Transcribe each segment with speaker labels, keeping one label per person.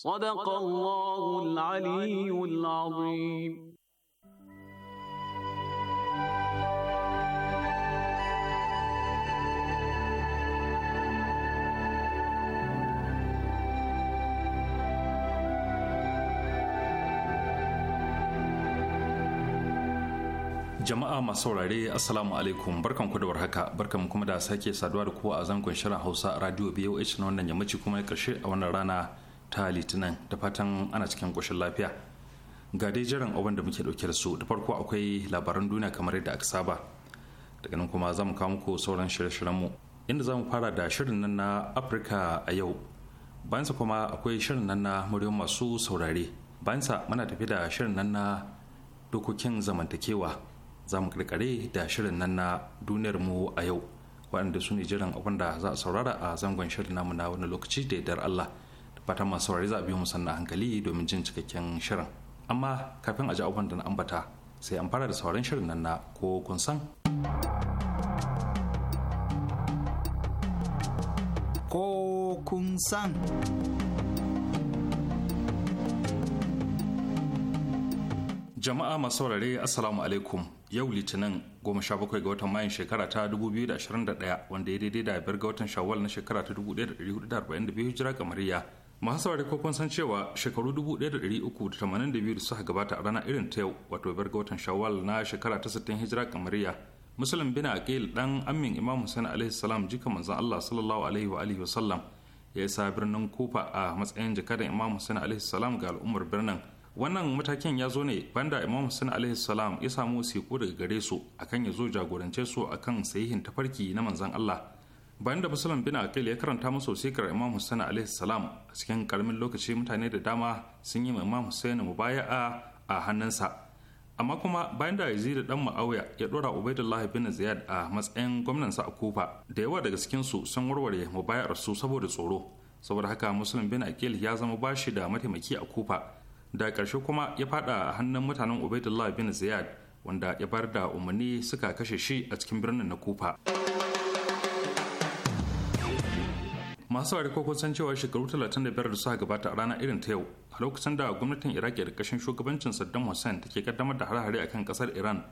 Speaker 1: صدق الله
Speaker 2: العلي العظيم
Speaker 3: jama'a
Speaker 4: masu saurare assalamu alaikum barkan ku da warhaka barkan kuma da sake saduwa da kowa a zangon shirin hausa radio boh na wannan yammaci kuma ya karshe a wannan rana ta litinin da fatan ana cikin ƙoshin lafiya ga dai jiran abin da muke ɗauke da su da farko akwai labaran duniya kamar yadda aka saba daga nan kuma za mu kawo muku sauran shirye-shiryenmu inda za mu fara da shirin nan na afirka a yau bayansa kuma akwai shirin nan na muryoyin masu saurare bayansa muna tafi da shirin nan na dokokin zamantakewa za mu kirkare da shirin nan na duniyar mu a yau waɗanda su ne jiran abin da za a saurara a zangon shirin namu na wani lokaci da yardar Allah fatan masu saurari za a biyo musanna hankali domin jin cikakken shirin amma kafin a ji abubuwan da na ambata sai an fara da sauran shirin nan na ko kun san ko kun san jama'a masu saurare assalamu alaikum yau litinin 17 ga watan mayan shekara ta 2021 wanda ya daidai da biyar ga watan shawwal na shekara ta 1442 hijira kamariya masu saurari san cewa shekaru 1382 da suka gabata a rana irin ta yau wato bar ga watan shawwal na shekara ta 60 hijira kamariya musulun bin aqil dan amin imam husain alaihi salam jika manzon allah sallallahu alaihi wa alihi wasallam ya isa birnin kufa a matsayin jakadan imam husain alaihi salam ga al'ummar birnin wannan matakin ya zo ne banda imam husain alaihi salam ya samu siko daga gare su akan ya zo jagorance su akan sahihin tafarki na manzon allah bayan da musulun bin aqil ya karanta masa wasikar imam hussein alaihi salam a cikin karamin lokaci mutane da dama sun yi imam hussein mubaya'a a hannunsa amma kuma bayan da yazid dan ma'auya ya dora ubaidullahi bin ziyad a matsayin gwamnan sa a kufa da yawa daga cikin su sun warware mubaya'ar su saboda tsoro saboda haka musulun bin aqil ya zama bashi da mataimaki a kufa da ƙarshe kuma ya fada a hannun mutanen ubaidullahi bin ziyad wanda ya bar da umarni suka kashe shi a cikin birnin na kufa masu wari ko san cewa shekaru 35 da suka gabata a rana irin ta yau a lokacin da gwamnatin iraq da rikashin shugabancin saddam hussein take kaddamar da hare-hare kan kasar iran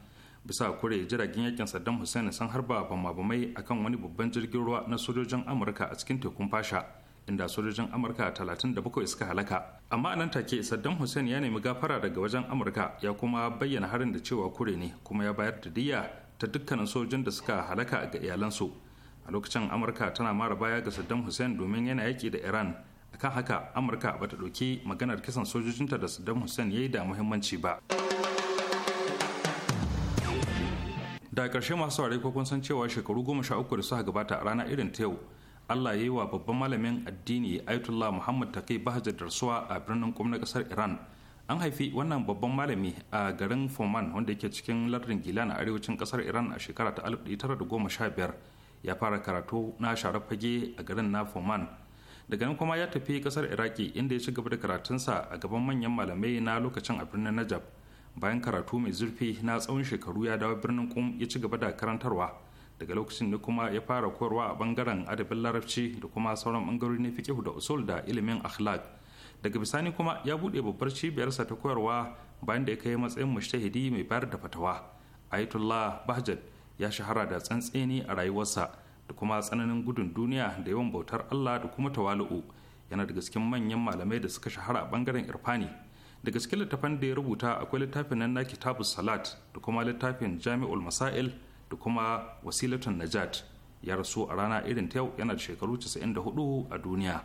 Speaker 4: bisa kure jiragen yakin saddam hussein sun harba bamabamai kan wani babban jirgin ruwa na sojojin amurka a cikin tekun fasha inda sojojin amurka 37 suka halaka amma nan take saddam hussein ya nemi gafara daga wajen amurka ya kuma bayyana harin da cewa kure ne kuma ya bayar da diyya ta dukkanin sojojin da suka halaka ga iyalansu a lokacin amurka tana mara baya ga saddam hussein domin yana yaki da iran akan haka amurka bata ɗauki maganar kisan sojojinta da saddam hussein ya yi da muhimmanci ba da ƙarshe masu ware kun san cewa shekaru goma sha uku da suka gabata a rana irin ta yau allah ya yi wa babban malamin addini ayatollah muhammad ta kai bahajar darsuwa a birnin kum kasar iran an haifi wannan babban malami a garin foman wanda yake cikin lardin gilan a arewacin kasar iran a shekara ta biyar. ya fara karatu na Sharafage fage a garin na Foman. Daga nan kuma ya tafi kasar Iraki inda ya ci gaba da karatunsa a gaban manyan malamai na lokacin a birnin Najaf. Bayan karatu mai zurfi na tsawon shekaru ya dawo birnin Kum ya ci gaba da karantarwa. Daga lokacin ne kuma ya fara koyarwa a bangaren adabin larabci da kuma sauran bangarori na fiqh da usul da ilimin akhlaq. Daga bisani kuma ya buɗe babbar cibiyarsa ta koyarwa bayan da ya kai matsayin mushtahidi mai bayar da fatawa. Ayatollah Bahjat ya shahara da tsantseni a rayuwarsa da kuma tsananin gudun duniya da yawan bautar Allah da kuma tawalu'u yana daga cikin manyan malamai da suka shahara a bangaren irfani da gaske littafan da ya rubuta akwai littafin nan na kitabu salat da kuma littafin jami'ul masail da kuma wasilatun najat ya rasu a rana irin ta yau yana da shekaru 94 a duniya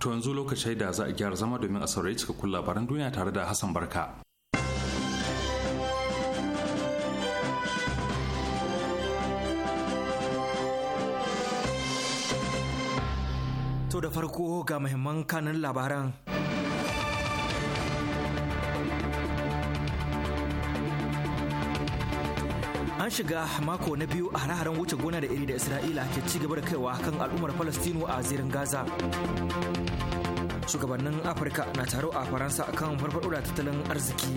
Speaker 4: to yanzu lokacin da za a gyara zama domin a saurari cikakkun labaran duniya tare da Hassan Barka.
Speaker 3: To da farko ga muhimman kanin labaran. an shiga mako na biyu a hare-haren wuce gona da iri da isra'ila ke ci gaba da kaiwa kan al'ummar falastinu a zirin gaza shugabannin afirka na taro a faransa kan farfaɗo da tattalin arziki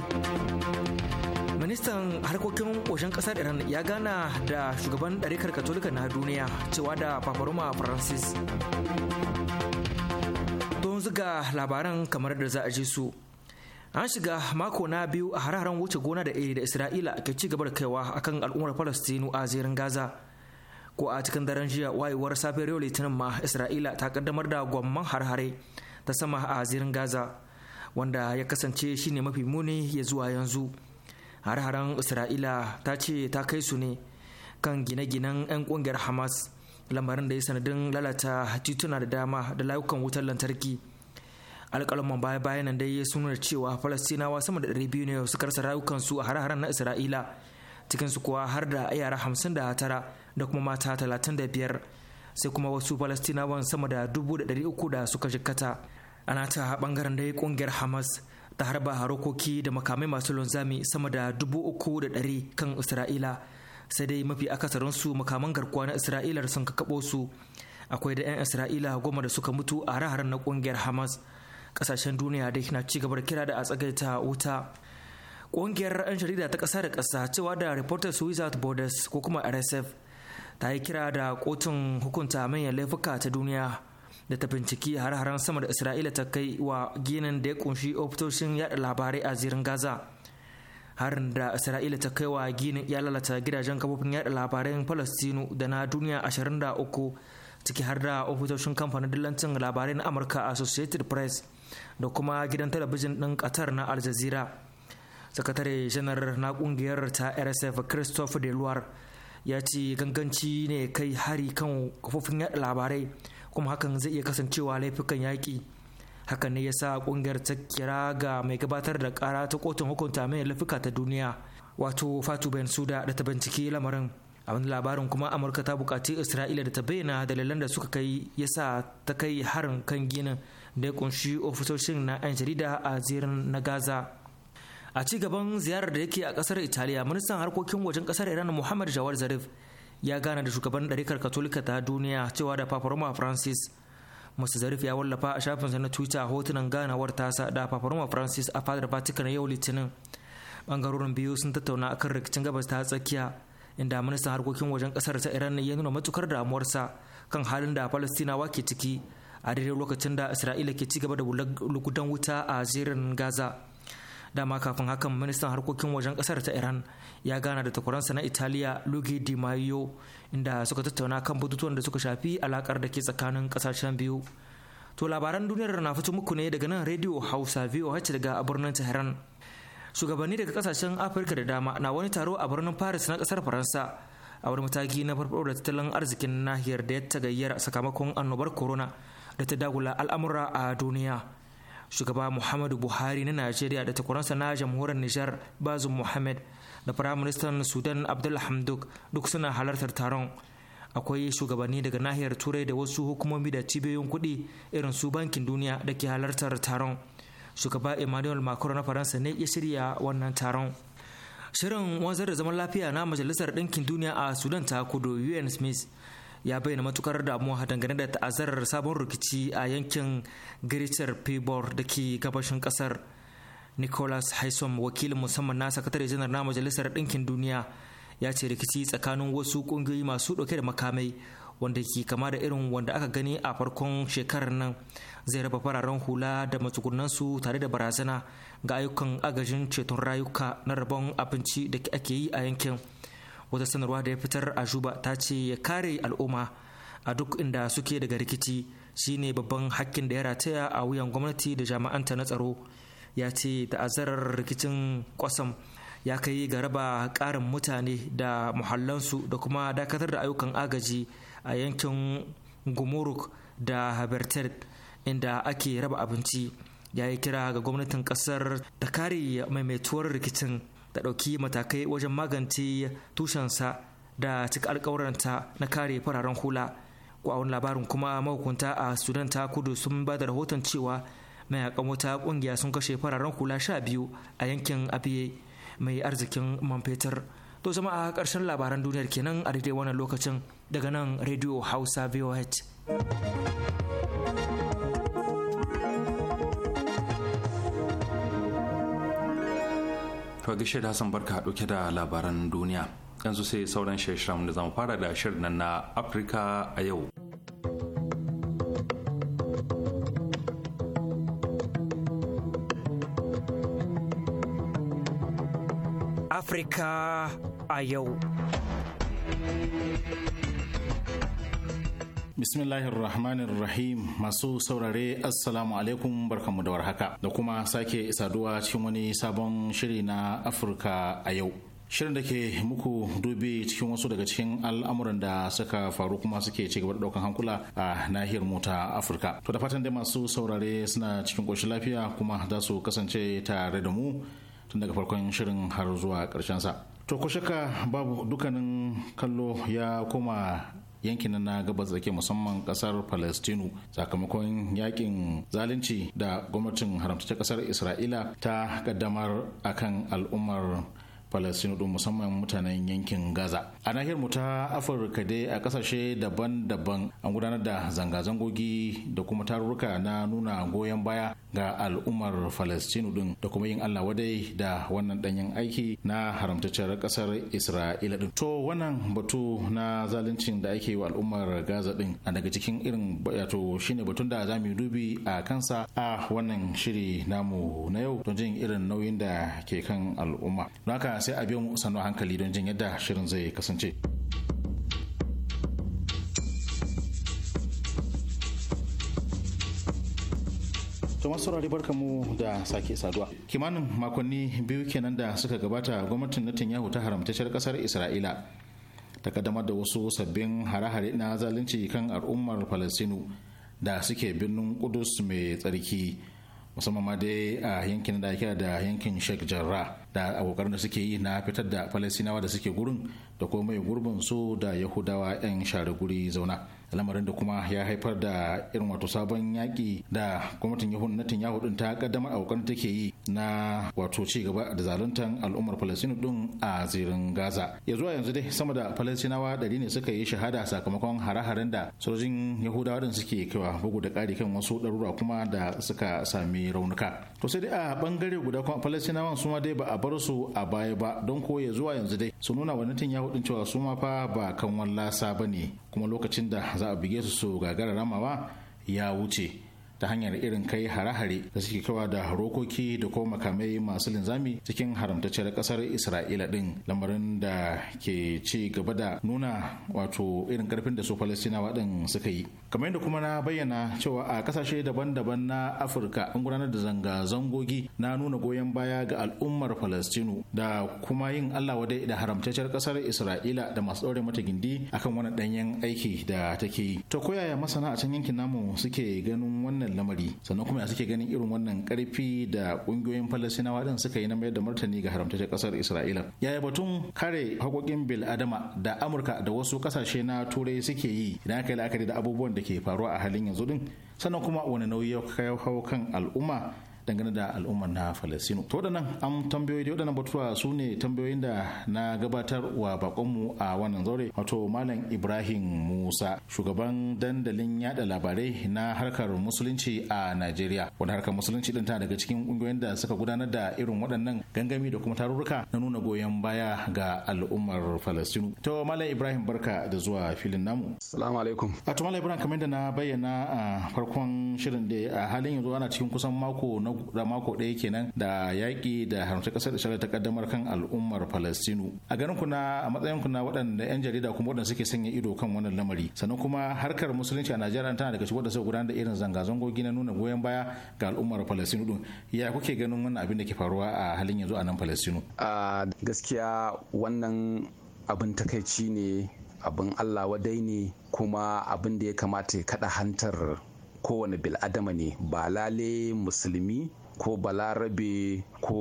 Speaker 3: ministan harkokin ƙoshin ƙasar iran ya gana da shugaban ɗarikar katolika na duniya cewa da paparoma francis don ziga labaran kamar da za a ji su an shiga mako na biyu a hararen wuce gona da iri da isra'ila ke ci gaba da kaiwa akan al'ummar falastinu a zirin gaza ko a cikin daren jiya wayewar safiyar yau litinin ma isra'ila ta kaddamar da gwamman harhare ta sama a zirin gaza wanda ya kasance shine mafi muni ya zuwa yanzu har isra'ila ta ce ta kai su ne kan gine-ginen 'yan kungiyar hamas lamarin da ya sanadin lalata tituna da dama da layukan wutar lantarki alƙalman baya bayan nan dai sun nuna cewa falastinawa sama da ɗari biyu ne su karsa rayukansu a hare-haren na isra'ila cikinsu kuwa har da yara hamsin da tara da kuma mata talatin da biyar. sai kuma wasu falastinawan sama da dubu da ɗari uku da suka jikkata ana ta bangaren dai ƙungiyar hamas ta harba harokoki da makamai masu lunzami sama da dubu uku da ɗari kan isra'ila sai dai mafi akasarinsu makaman garkuwa na isra'ilar sun kakaɓo su akwai da 'yan isra'ila goma da suka mutu a raharar na ƙungiyar hamas kasashen duniya da na ci gaba da kira da a tsagaita wuta ƙungiyar 'yan jarida ta kasa da ƙasa cewa da reporters without borders ko kuma rsf ta yi kira da kotun hukunta manyan laifuka ta duniya da ta binciki har-haren sama da isra'ila ta kai wa ginin da ya kunshi ofitoshin yada labarai a zirin gaza harin da isra'ila ta kai wa ginin ya lalata gidajen kafofin yada labarai palestinu da na duniya 23 ciki har da ofitoshin kamfanin dillancin labarai na amurka associated press da kuma gidan talabijin ɗin qatar na al jazeera sakatare janar na ƙungiyar ta rsf christophe deluar ya ce ganganci ne kai hari kan kafofin yaɗa labarai kuma hakan zai iya kasancewa laifukan yaƙi hakan ne ya sa kungiyar ta kira ga mai gabatar da kara ta kotun hukunta mai laifuka ta duniya wato fatu ben suda da ta binciki lamarin Abin labarin kuma amurka ta bukaci isra'ila da ta bayyana dalilan da suka kai ya sa ta kai harin kan ginin da ya kunshi ofisoshin na 'yan jarida a zirin na gaza a ci gaban ziyarar da yake a kasar italiya ministan harkokin wajen kasar iran muhammad jawar zarif ya gana da shugaban ɗarikar katolika ta duniya cewa da papa francis musu zarif ya wallafa a shafinsa na twitter hotunan ganawar tasa da papa francis a fadar vatican yau litinin bangarorin biyu sun tattauna akan rikicin gabas ta tsakiya inda ministan harkokin wajen kasar ta iran ya nuna matukar damuwarsa kan halin da palestinawa ke ciki a daidai lokacin da isra'ila ke cigaba da lugudan wuta a zirin gaza dama kafin hakan ministan harkokin wajen kasar ta iran ya gana da takwaransa na italiya luigi di maio inda suka tattauna kan batutuwan da suka shafi alakar da ke tsakanin kasashen biyu to labaran duniyar na fito muku ne daga nan radio hausa voh daga birnin tehran shugabanni daga kasashen afirka da dama na wani taro a birnin paris na kasar faransa a wani mataki na farfado da tattalin arzikin nahiyar da ya tagayyar sakamakon annobar corona da ta dagula al'amura a duniya shugaba muhammadu buhari na najeriya da takwaransa na jamhuriyar nijar bazu muhammad da firaministan sudan abdul hamduk duk suna halartar taron akwai shugabanni daga nahiyar turai da wasu hukumomi da cibiyoyin kuɗi irin su bankin duniya da ke halartar taron shugaba emmanuel macron na faransa ne ya shirya wannan taron shirin wanzar da zaman lafiya na majalisar ɗinkin duniya a sudan ta kudu un smith ya bayyana matukar damuwa dangane da ta'azarar sabon rikici a yankin greater pibor da ke gabashin kasar nicholas haisom wakilin musamman na sakatare janar na majalisar ɗinkin duniya ya ce rikici tsakanin wasu ƙungiyoyi masu ɗauke da makamai wanda ke kama da irin wanda aka gani a farkon shekarar nan zai raba fararen hula da matsugunansu tare da barazana ga ayyukan agajin ceton rayuka na rabon abinci da ake yi a yankin wata sanarwa da ya fitar a juba ta ce ya kare al'umma a duk inda suke daga rikici shine babban hakkin da ya rataya a wuyan gwamnati da jami'anta na tsaro ya ce ta'azarar rikicin kwasam ya kai ga raba karin mutane da muhallansu da kuma dakatar da ayyukan agaji a yankin gumuruk da habertel inda ake raba abinci ya yi kira ga gwamnatin kasar da kare maimaituwar rikicin ta ɗauki matakai wajen magance tushensa da cika alƙawuranta na kare fararen hula ko labarin kuma mahukunta a sudan ta kudu sun ba da rahoton cewa mayakan wata ƙungiya sun kashe fararen hula sha biyu a yankin abiye mai arzikin man fetur to zama a ƙarshen labaran duniyar kenan a daidai wannan lokacin daga nan radio hausa voh To gaishe
Speaker 4: da Hassan barka dauke da labaran duniya. Yanzu sai sauran shirin da zamu fara da shirin nan na Afirka a yau.
Speaker 3: Afirka a yau.
Speaker 5: bismillahirrahmanirrahim rahim masu saurare assalamu alaikum barkanmu da warhaka da kuma sake saduwa cikin wani sabon shiri na afirka a yau shirin da ke muku dubi cikin wasu daga cikin al'amuran da suka faru kuma suke ci gaba da daukan hankula a nahiyar mu afirka to da fatan dai masu saurare suna cikin koshin lafiya kuma za su kasance tare da mu tun daga farkon shirin har zuwa karshen sa to ko shakka babu dukanin kallo ya koma yankin na gabas da ke musamman kasar palestinu sakamakon yakin zalunci da gwamnatin ta kasar isra'ila ta kaddamar akan al'ummar Falasino don musamman mutanen yankin Gaza. A nahiyar mu ta Afirka dai a kasashe daban-daban an gudanar da zanga-zangogi da kuma tarurruka na nuna goyon baya ga al'ummar Falasino din da kuma yin Allah wadai da wannan danyen aiki na haramtacciyar kasar Isra'ila din. To wannan batu na zaluncin da ake yi wa al'ummar Gaza din a daga cikin irin to shine batun da za mu yi dubi a kansa a wannan shiri namu na yau don jin irin nauyin da ke kan al'umma. sai a biyo mu sannu hankali don jin yadda shirin zai kasance. Thomas Saurari barka mu da sake saduwa. Kimanin makonni biyu kenan da suka gabata gwamnatin Netanyahu ta haramtacciyar kasar Isra'ila ta kaddamar da wasu sabbin hare-hare na zalunci kan al'ummar falasinu da suke birnin Kudus mai tsarki. musamman ma dai a yankin da ake da yankin sheikh jarra da abokan da suke yi na fitar da falasinawa da suke gurin da kuma mai gurbin su da yahudawa 'yan share guri zauna lamarin da kuma ya haifar da irin wato sabon yaƙi da gwamnatin yahun na tinyahu din ta kaddamar a kokarin take yi na wato ci gaba da zaluntan al'ummar falastinu din a zirin gaza ya zuwa yanzu dai sama da falastinawa ɗari ne suka yi shahada sakamakon hare-haren da sojojin yahudawa din suke kaiwa bugu da ƙari kan wasu ɗarura kuma da suka sami raunuka to sai dai a bangare guda kuma palestinawan su ma dai ba a bar su a baya ba don ko ya zuwa yanzu dai su nuna wa natin yahu din cewa su ma fa ba kan wallasa ba ne kuma lokacin da za a buge su su gagara ramawa ya wuce ta hanyar irin kai hare-hare da suke kawa da rokoki da kuma makamai masu linzami cikin haramtacciyar kasar isra'ila din lamarin da ke ci gaba da nuna wato irin karfin da su falastinawa din suka yi kamar yadda kuma na bayyana cewa a kasashe daban-daban na afirka an gudanar da zanga-zangogi na nuna goyon baya ga al'ummar falastinu da kuma yin allah wadai da haramtacciyar kasar isra'ila da masu ɗaure mata gindi akan wani ɗanyen aiki da take yi to koyaya masana a can yankin namu suke ganin wannan lamari sannan kuma ya suke ganin irin wannan karfi da ƙungiyoyin falastinawa din suka yi na mayar da martani ga haramtacciyar kasar isra'ila yaya batun kare haƙoƙin bil'adama da amurka da wasu kasashe na turai suke yi idan aka yi la'akari da abubuwan da ke faruwa a halin yanzu din sannan kuma wani nauyi ya kawo kan al'umma dangane da al'ummar na falasino to waɗannan an tambayoyi da waɗannan batutuwa su ne tambayoyin da na gabatar wa bakonmu a wannan zaure wato malam ibrahim musa shugaban dandalin yada labarai na harkar musulunci a najeriya wani harkar musulunci din ta daga cikin ƙungiyoyin da suka gudanar da irin waɗannan gangami da kuma tarurruka na nuna goyon baya ga al'ummar falasino to malam ibrahim barka da zuwa filin namu salamu alaikum a malam ibrahim kamar da na bayyana a farkon shirin da a halin yanzu ana cikin kusan mako na da mako ɗaya kenan da yaƙi da haramta ƙasar Isra'ila ta kaddamar kan al'ummar Falastinu. A ganin kuna a matsayin kuna waɗanda 'yan jarida kuma waɗanda suke sanya ido kan wannan lamari. Sannan kuma harkar musulunci a Najeriya tana daga cikin waɗanda suka gudanar da irin zanga-zangogi na nuna goyon baya ga al'ummar Falastinu ɗin. Ya kuke ganin wannan abin da ke faruwa a halin yanzu a nan Falastinu? A
Speaker 1: gaskiya wannan abin takaici ne abin Allah wadai ne kuma abin da ya kamata ya kada hantar kowane bil'adama ne ba lale musulmi ko balarabe ko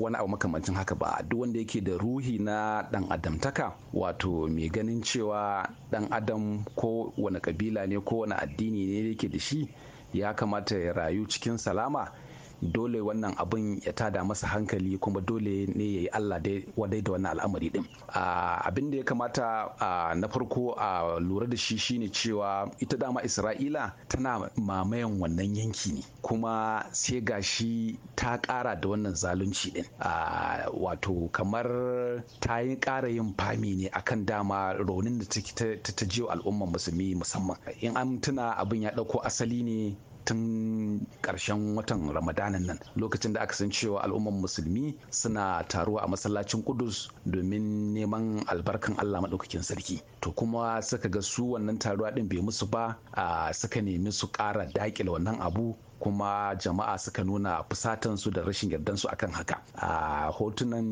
Speaker 1: wani abu makamancin haka ba duk wanda yake da ruhi na dan adamtaka wato mai ganin cewa dan adam ko wani kabila ne ko wani addini ne yake da shi ya kamata ya rayu cikin salama dole wannan abin ya tada masa hankali kuma dole ne ya yi allah dai wadai da wannan al'amari din abin da ya kamata na farko a lura da shi shine cewa ita dama isra'ila tana mamayan wannan yanki ne kuma sai gashi ta kara da wannan zalunci din wato kamar ta yi kara yin fami ne akan dama raunin da ta ta al'ummar musulmi musamman in an tuna abin ya ɗauko asali ne tun ƙarshen watan ramadanin nan lokacin da aka san cewa al'umman musulmi suna taruwa a masallacin kudus domin neman albarkan allah maɗaukakin sarki to kuma suka ga su wannan taruwa ɗin bai musu ba a suka nemi su ƙara daƙile wannan abu kuma jama'a suka nuna fusatan su da rashin yardan su akan haka a hotunan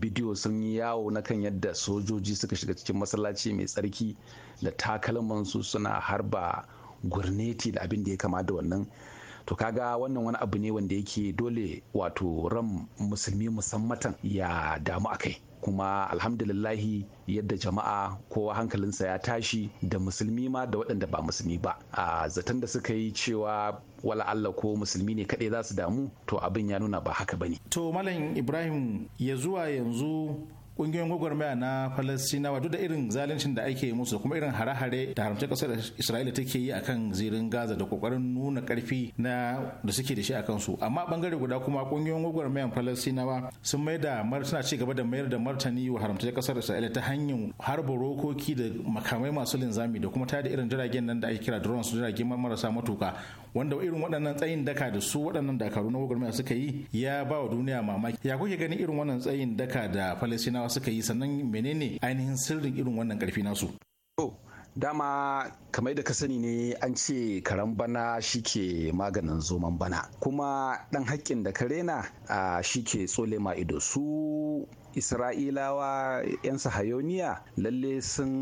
Speaker 1: bidiyo sun yi yawo na kan yadda sojoji suka shiga cikin masallaci mai tsarki da takalmansu suna harba gurneti da abin da ya kama da wannan to kaga wannan wani abu ne wanda yake dole wato ran musulmi musammatan ya damu a kai? kuma alhamdulillahi yadda jama'a kowa hankalinsa ya tashi da musulmi ma da waɗanda ba musulmi ba a zaton da suka yi cewa wala Allah ko musulmi ne kaɗai za su damu to abin ya nuna ba haka bane
Speaker 5: to malam ibrahim ya zuwa yanzu kungiyoyin gwagwarmaya na falastinawa duk da irin zaluncin da ake musu kuma irin hare-hare da haramta kasar isra'ila take yi akan zirin gaza da kokarin nuna karfi na da suke da shi akan su amma bangare guda kuma kungiyoyin gwagwarmayan falastinawa sun mai da suna ci gaba da mayar da martani wa haramta kasar isra'ila ta hanyar harba rokoki da makamai masu linzami da kuma ta da irin jiragen nan da ake kira drones jiragen marasa matuka wanda irin waɗannan tsayin daka da su waɗannan dakaru na gwagwarmaya suka yi ya ba wa duniya mamaki ya kuke ganin irin wannan tsayin daka da falasinawa suka yi sannan menene ainihin sirrin irin wannan ƙarfi nasu
Speaker 1: dama kamar da ka sani ne an ce karen bana shike maganin zoman bana kuma dan haƙƙin da ka rena shi ke tsole ma ido su isra'ilawa 'yan sahayoniya lalle sun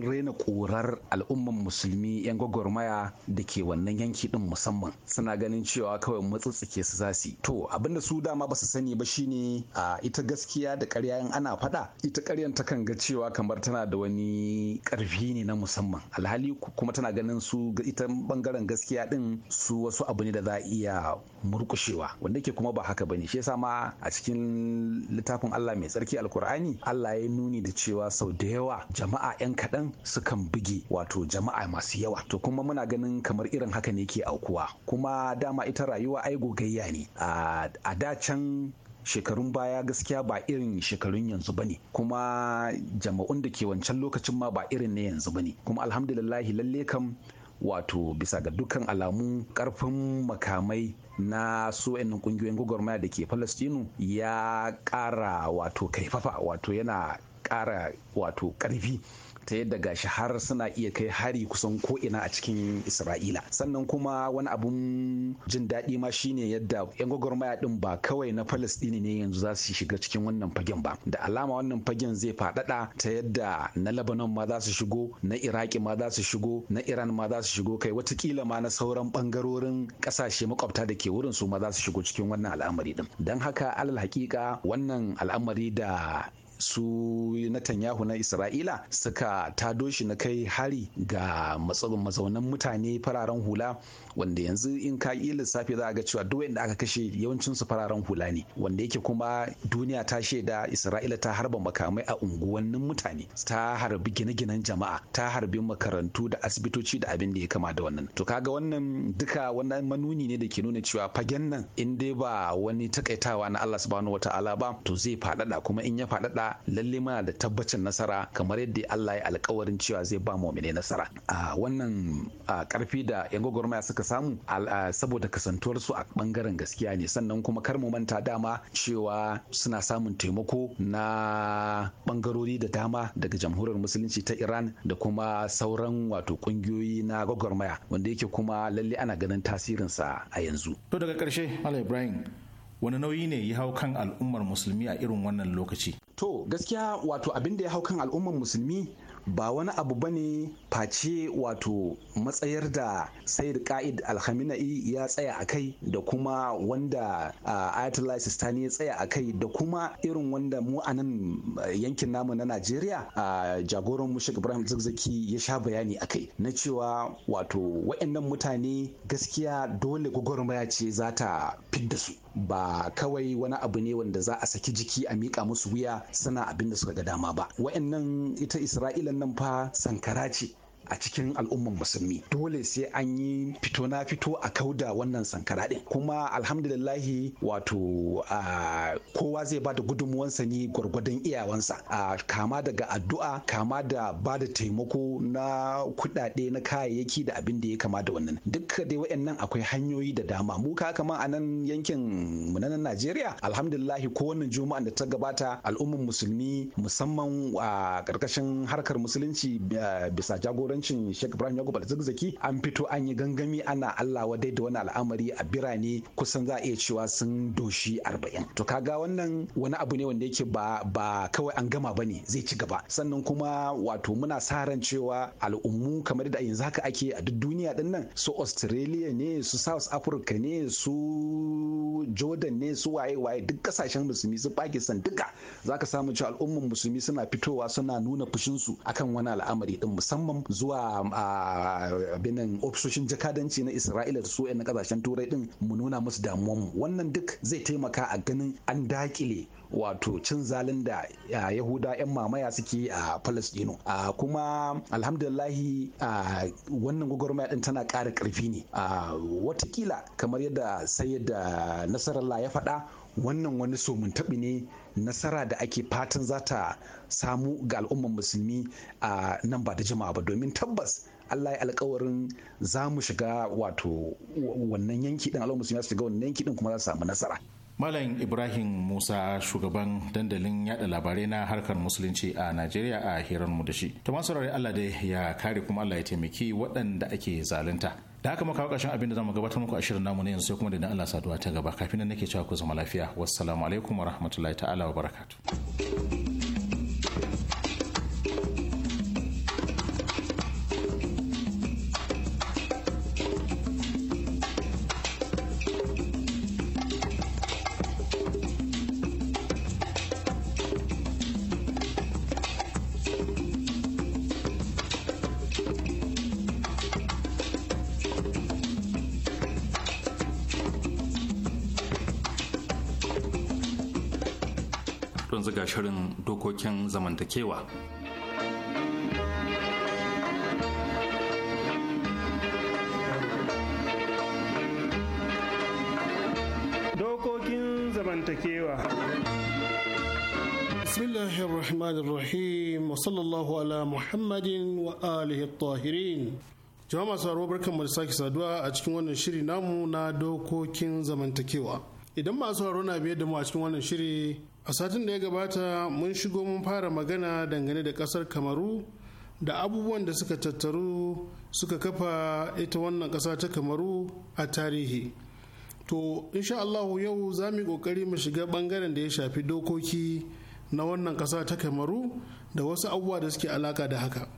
Speaker 1: rena korar al'umman musulmi 'yan gwagwarmaya da ke wannan yanki din musamman suna ganin cewa kawai matsatsike su zasi to abinda su dama ba su sani ba shine a ita gaskiya da karya in ana faɗa ita karyan takan ga cewa kamar tana da wani ƙarfi ne na musamman alhali kuma tana ganin su ita bangaren gaskiya din su wasu abu ne da za a iya murkushewa wanda ke kuma ba haka bane shi yasa ma a cikin littafin Allah mai tsarki alkur'ani Allah ya nuni da cewa sau da yawa jama'a 'yan kaɗan sukan buge wato jama'a masu yawa to kuma muna ganin kamar irin haka ne ke aukuwa kuma dama ita rayuwa ai gogayya ne a da can shekarun baya gaskiya ba irin shekarun yanzu bane kuma jama'un da ke wancan lokacin ma ba irin ne yanzu bane kuma alhamdulillahi lalle kam wato bisa ga dukkan alamu karfin makamai na su wa'annan kungiyoyin gwagwarmaya da ke falastinu ya ƙara wato kaifafa wato yana kara wato ƙarfi ta yadda gashi har suna iya kai hari kusan ko'ina a cikin isra'ila sannan kuma wani abun jin daɗi ma shine yadda yan gwagwarmaya din ba kawai na falastini ne yanzu za su shiga cikin wannan fagen ba da alama wannan fagen zai faɗaɗa ta yadda na labanon ma za su shigo na iraki ma za su shigo na iran ma za su shigo kai watakila ma na sauran ɓangarorin ƙasashe makwabta da ke wurin su ma za su shigo cikin wannan al'amari din. don haka alal hakika wannan al'amari da su Netanyahu na Isra'ila suka tado shi na kai hari ga mazaunan mutane fararen hula wanda yanzu in ka yi lissafi za a ga cewa duk da aka kashe yawancin su fararen hula ne wanda yake kuma duniya ta shaida Isra'ila ta harba makamai a unguwannin mutane ta harbi gine-ginen jama'a ta harbi makarantu da asibitoci da abin da ya kama da wannan to kaga wannan duka wannan manuni ne da ke nuna cewa fagen nan in dai ba wani takaitawa na Allah subhanahu wataala ba to zai faɗaɗa kuma in ya faɗaɗa lalle muna da tabbacin nasara kamar yadda Allah ya alkawarin cewa zai ba mu nasara a wannan karfi da yan gwagwarmaya suka samu saboda kasantuwar su a bangaren gaskiya ne sannan kuma kar mu manta dama cewa suna samun taimako na bangarori da dama daga jamhuriyar musulunci ta Iran da kuma sauran wato kungiyoyi na gwagwarmaya wanda yake kuma lalle ana ganin tasirinsa a yanzu
Speaker 5: to daga karshe Ibrahim wani nauyi ne ya hau kan al'ummar musulmi a irin wannan lokaci
Speaker 1: to gaskiya wato abin da ya hau kan al'ummar musulmi ba wani abu ba ne face wato matsayar da da ka'id alhamina'i ya tsaya a kai da kuma wanda ayatollah sistani ya tsaya a kai da kuma irin wanda mu a nan yankin namu na najeriya a jagoran mushik ibrahim zagzaki ya sha bayani a kai na cewa wato wa'annan mutane gaskiya dole gwagwarmaya ce za ta fidda su ba kawai wani abu ne wanda za a saki jiki a miƙa musu wuya suna abin da suka ga dama ba wa'annan ita isra'ilan nan fa sankara ce a cikin al'ummar musulmi dole sai an yi fito na fito a kauda wannan sankara din kuma alhamdulillahi wato kowa zai ba da gudunmuwansa ne gwargwadon iyawansa a kama daga addu'a kama da ba da taimako na kuɗaɗe na kayayyaki da abin da ya kama da wannan duk dai wayannan akwai hanyoyi da dama mu ka kama a nan yankin mu na Najeriya alhamdulillahi wannan juma'an da ta gabata al'umman musulmi musamman a karkashin harkar musulunci bisa jagoranci shugabancin Sheikh Ibrahim Yakubu an fito an yi gangami ana Allah wadai da wani al'amari a birane kusan za a iya cewa sun doshi arba'in. To kaga wannan wani abu ne wanda yake ba ba kawai an gama bane zai ci gaba. Sannan kuma wato muna sa ran cewa al'ummu kamar da yanzu haka ake a duk duniya din nan su Australia ne su South Africa ne su Jordan ne su waye waye duk kasashen musulmi su Pakistan duka zaka samu cewa al'umman musulmi suna fitowa suna nuna fushin su akan wani al'amari din musamman zuwa zuwa binin ofisoshin jakadanci na isra'ila da su na kasashen turai din mu nuna musu mu. wannan duk zai taimaka a ganin an dakile wato cin zalin da yahuda 'yan mamaya suke a palestino kuma alhamdulillahi wannan gwagwarmaya din tana ƙara ƙarfi ne watakila kamar yadda sayyid nasarallah ya faɗa wannan wani somin ne nasara da ake fatan za ta samu ga al'umman musulmi a nan ba da jima'a ba domin tabbas Allah ya alkawarin za mu shiga wato wannan yanki din al'ummar musulmi za su shiga wannan yanki din kuma za su samu nasara
Speaker 5: Malam Ibrahim Musa shugaban dandalin yada labarai na harkar musulunci a Najeriya a hirarmu da shi. Ta Allah dai ya kare kuma Allah ya taimaki waɗanda ake zalunta. Da haka muka ƙarshen abin da zamu gabatar muku a shirin namu na yanzu sai kuma da Allah saduwa ta gaba kafin nan nake cewa ku zama lafiya. Wassalamu alaikum wa rahmatullahi ta'ala wa barakatuh.
Speaker 4: ga shirin dokokin zamantakewa.
Speaker 6: Dokokin zamantakewa. bismillahir rahmanir rahim wa sallallahu ala muhammadin wa alihi tahirin jama'a masu haro barkan mu da sake saduwa a cikin wannan shiri namu na dokokin zamantakewa idan masu haro na biye da mu a cikin wannan shiri a satin da ya gabata mun shigo mun fara magana dangane da kasar kamaru da abubuwan da suka tattaru suka kafa ita wannan kasa ta kamaru a tarihi to insha Allahu yau za mu yi kokari mu shiga bangaren da ya shafi dokoki na wannan kasa ta kamaru da wasu abubuwa da suke alaka da haka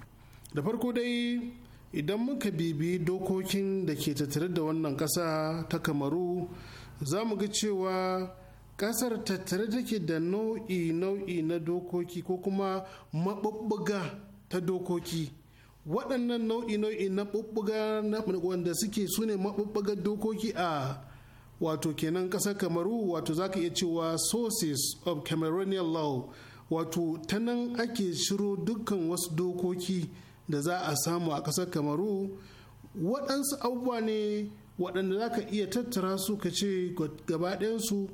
Speaker 6: da farko dai idan muka bibi dokokin da ke tattare da wannan kasa ta kamaru za mu ga cewa kasar tattare take da nau'i nau'i na dokoki ko kuma maɓuɓɓuga ta dokoki waɗannan nau'i nau'i na ɓuɓɓuga wanda suke su ne maɓuɓɓugar dokoki a wato kenan ƙasar kamaru wato za ka iya cewa sources of cameroonian law wato ta nan ake shiro dukkan wasu dokoki da za a samu a ƙasar kamaru waɗansu abubuwa ne waɗanda za ka iya tattara su ka ce gaba ɗayansu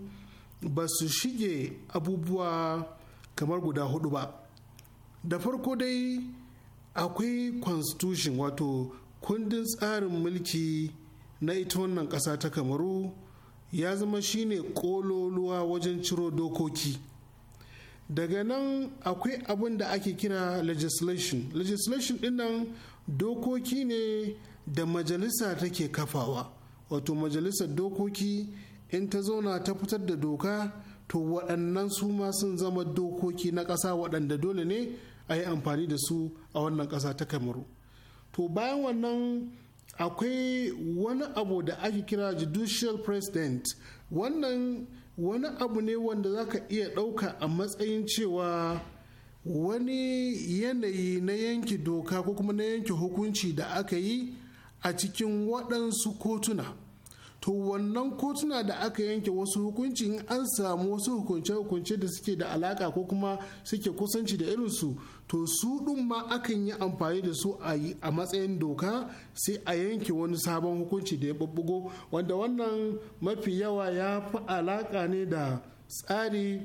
Speaker 6: ba su shige abubuwa kamar guda hudu ba da farko dai akwai constitution wato kundin tsarin mulki na ita wannan ƙasa ta kamaru ya zama shine ƙololuwa wajen ciro dokoki daga nan akwai abin da ake kira legislation legislation dinnan dokoki ne da majalisa take kafawa wato majalisar dokoki in ta zauna ta fitar da doka to waɗannan su ma sun zama dokoki na ƙasa waɗanda dole ne a yi amfani da su a wannan ƙasa ta kamaru to bayan wannan akwai wani abu da ake kira judicial president wannan wani abu ne wanda za ka iya ɗauka a matsayin cewa wani yanayi na yanke doka ko kuma na yanke hukunci da aka yi a cikin waɗansu kotuna to wannan kotuna da aka yanke wasu hukunci in an samu wasu hukunce-hukunce da suke da alaka ko kuma suke kusanci da irinsu to su ɗin ma akan yi amfani da su a yi a matsayin doka sai a yanke wani sabon hukunci da ya bubbugo wanda wannan mafi yawa ya fi alaka ne da tsari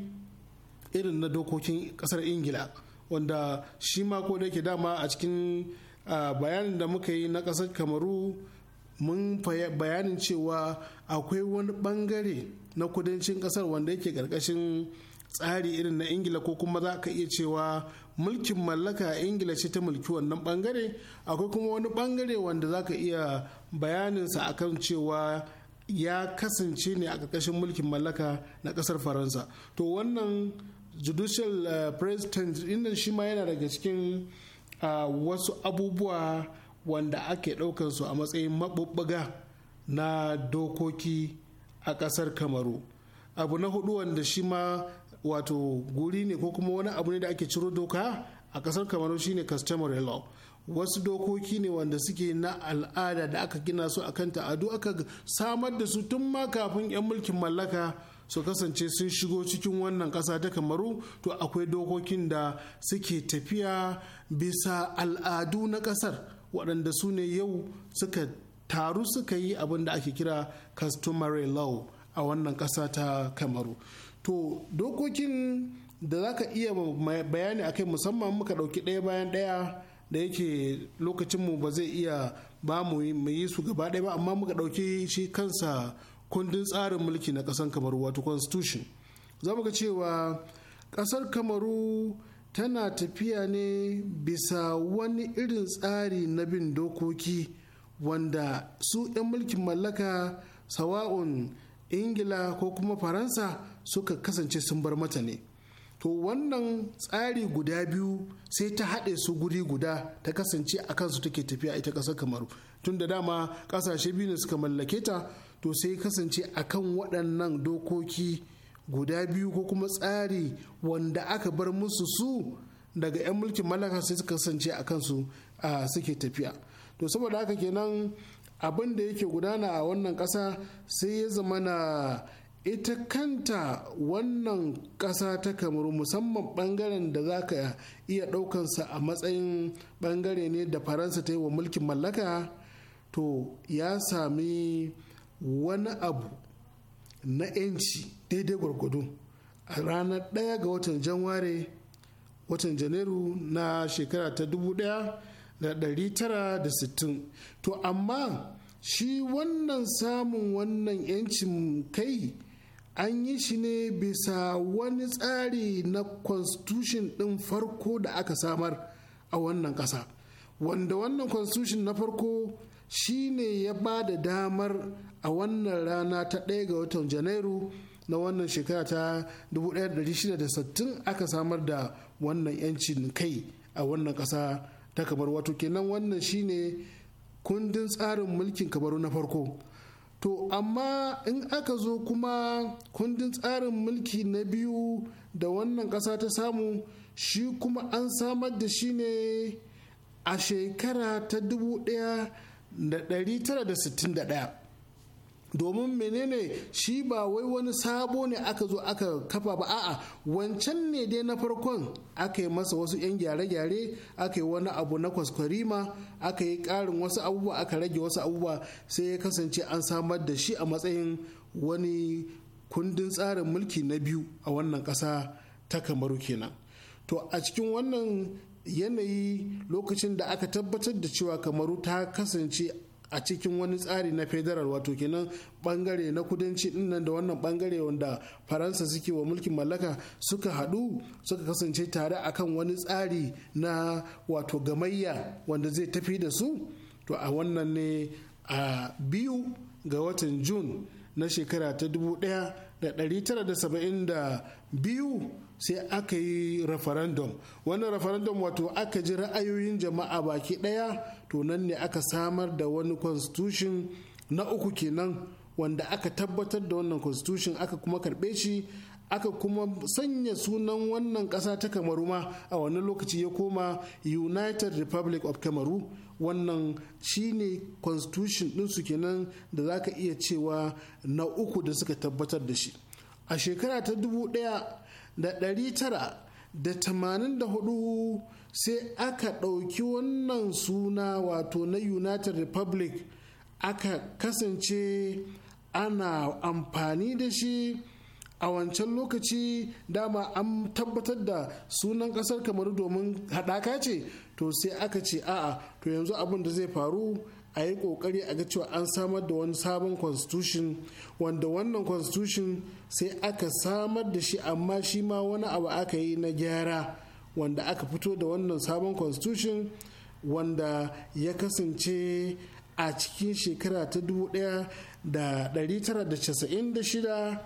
Speaker 6: irin na dokokin ƙasar ingila wanda shi ma ko da yake dama a cikin ah, bayanin da muka yi na ƙasar kamaru mun bayanin cewa akwai wani bangare na kudancin kasar wanda yake karkashin tsari irin na ingila ko kuma za ka iya cewa mulkin mallaka ingila ce ta mulki wannan bangare akwai kuma wani bangare wanda za ka iya bayaninsa akan cewa ya kasance ne a ƙarƙashin mulkin mallaka na ƙasar faransa to wannan judicial uh, president inda shi ma yana daga cikin uh, wasu abubuwa wanda ake su a matsayin maɓuɓɓuga na dokoki a ƙasar kamaru abu na hudu wanda shi ma wato guri ne ko kuma wani abu ne da ake ciro doka a ƙasar kamaru shine customary law wasu dokoki ne wanda suke na al'ada da aka gina su akan ta'adu aka samar da su tun ma kafin 'yan mulkin mallaka su kasance sun shigo cikin wannan ƙasa ta kamaru to akwai dokokin da suke tafiya bisa al'adu na ƙasar waɗanda su ne yau suka taru suka yi abin da ake kira customary law a wannan ƙasa ta kamaru to dokokin da za ka iya bayani a kai musamman muka ɗauki ɗaya bayan ɗaya da yake lokacinmu ba zai iya ba mu yi su gaba ɗaya ba amma muka ɗauki shi kansa kundin tsarin mulki na ƙasar kamaru wato constitution za mu ga cewa ƙasar kamaru tana tafiya ne bisa wani irin tsari na bin dokoki wanda su 'yan mulkin mallaka sawa'un ingila ko kuma faransa suka kasance sun bar mata ne to wannan tsari guda biyu sai ta haɗe su guri guda ta kasance a kansu take tafiya ita ƙasar kamaru tun da dama ƙasashe biyu ne suka mallake ta to sai kasance akan waɗannan dokoki guda biyu ko kuma tsari wanda aka bar musu su daga 'yan mulkin mallaka sai suka kasance a kansu a suke tafiya to saboda haka kenan abin da yake gudana a wannan ƙasa sai ya zama na ita kanta wannan ƙasa ta kamaru musamman ɓangaren da za ka iya ɗaukansa a matsayin ɓangare ne da faransa ta yi wa mulkin mallaka to ya sami wani abu na 'yanci daidai gwargwado a ranar 1 ga watan janware watan janairu na shekara ta dubu da da tara sittin. to amma shi wannan samun wannan 'yancin kai an yi shi ne bisa wani tsari na constitution ɗin farko da aka samar a wannan ƙasa wanda wannan constitution na farko shi ne ya ba da damar a wannan rana ta ɗaya ga watan janairu na wannan shekara ta 1660 aka samar da wannan 'yancin kai a wannan ƙasa ta kabar wato kenan wannan shi ne kundin tsarin mulkin kabaru na farko to amma in aka zo kuma kundin tsarin mulki na biyu da wannan ƙasa ta samu shi kuma an samar da shi ne a shekara ta ɗaya. da domin menene shi ba wai wani sabo ne aka zo aka kafa ba a'a wancan ne dai na farkon aka yi masa wasu 'yan gyare-gyare aka yi wani abu na kwaskwarima aka yi ƙarin wasu abubuwa aka rage wasu abubuwa sai ya kasance an samar da shi a matsayin wani kundin tsarin mulki na biyu a wannan ƙasa ta kamaru kenan to a cikin wannan yanayi lokacin da aka tabbatar da cewa kamaru ta kasance a cikin wani tsari na federal wato kenan bangare na kudanci dinnan da wannan bangare wanda faransa suke wa mulkin mallaka suka hadu suka kasance tare akan wani tsari na wato gamayya wanda zai tafi da su to a wannan ne a biyu ga watan june na shekara ta 1972 sai aka yi referendum wani referendum wato aka ji ra'ayoyin jama'a baki daya to nan ne aka samar da wani constitution na uku kenan wanda aka tabbatar da wannan constitution aka kuma karbe shi aka kuma sanya sunan wannan ƙasa ta kamaru ma a wannan lokaci ya koma united republic of kamaru wannan shine constitution ɗinsu kenan da za ka iya cewa na uku da suka tabbatar da shi a shekara ta dubu ɗaya da ɗari sai aka ɗauki wannan suna wato na united republic aka kasance ana amfani da shi a wancan lokaci dama an tabbatar da sunan kasar kamar domin haɗaka ce to sai aka ce a'a to yanzu abin da zai faru a yi kokari a ga cewa an samar da wani sabon constitution wanda wannan constitution sai aka samar da shi amma shi ma wani abu aka yi na gyara wanda aka fito da wannan sabon constitution wanda ya kasance a cikin shekara ta 1996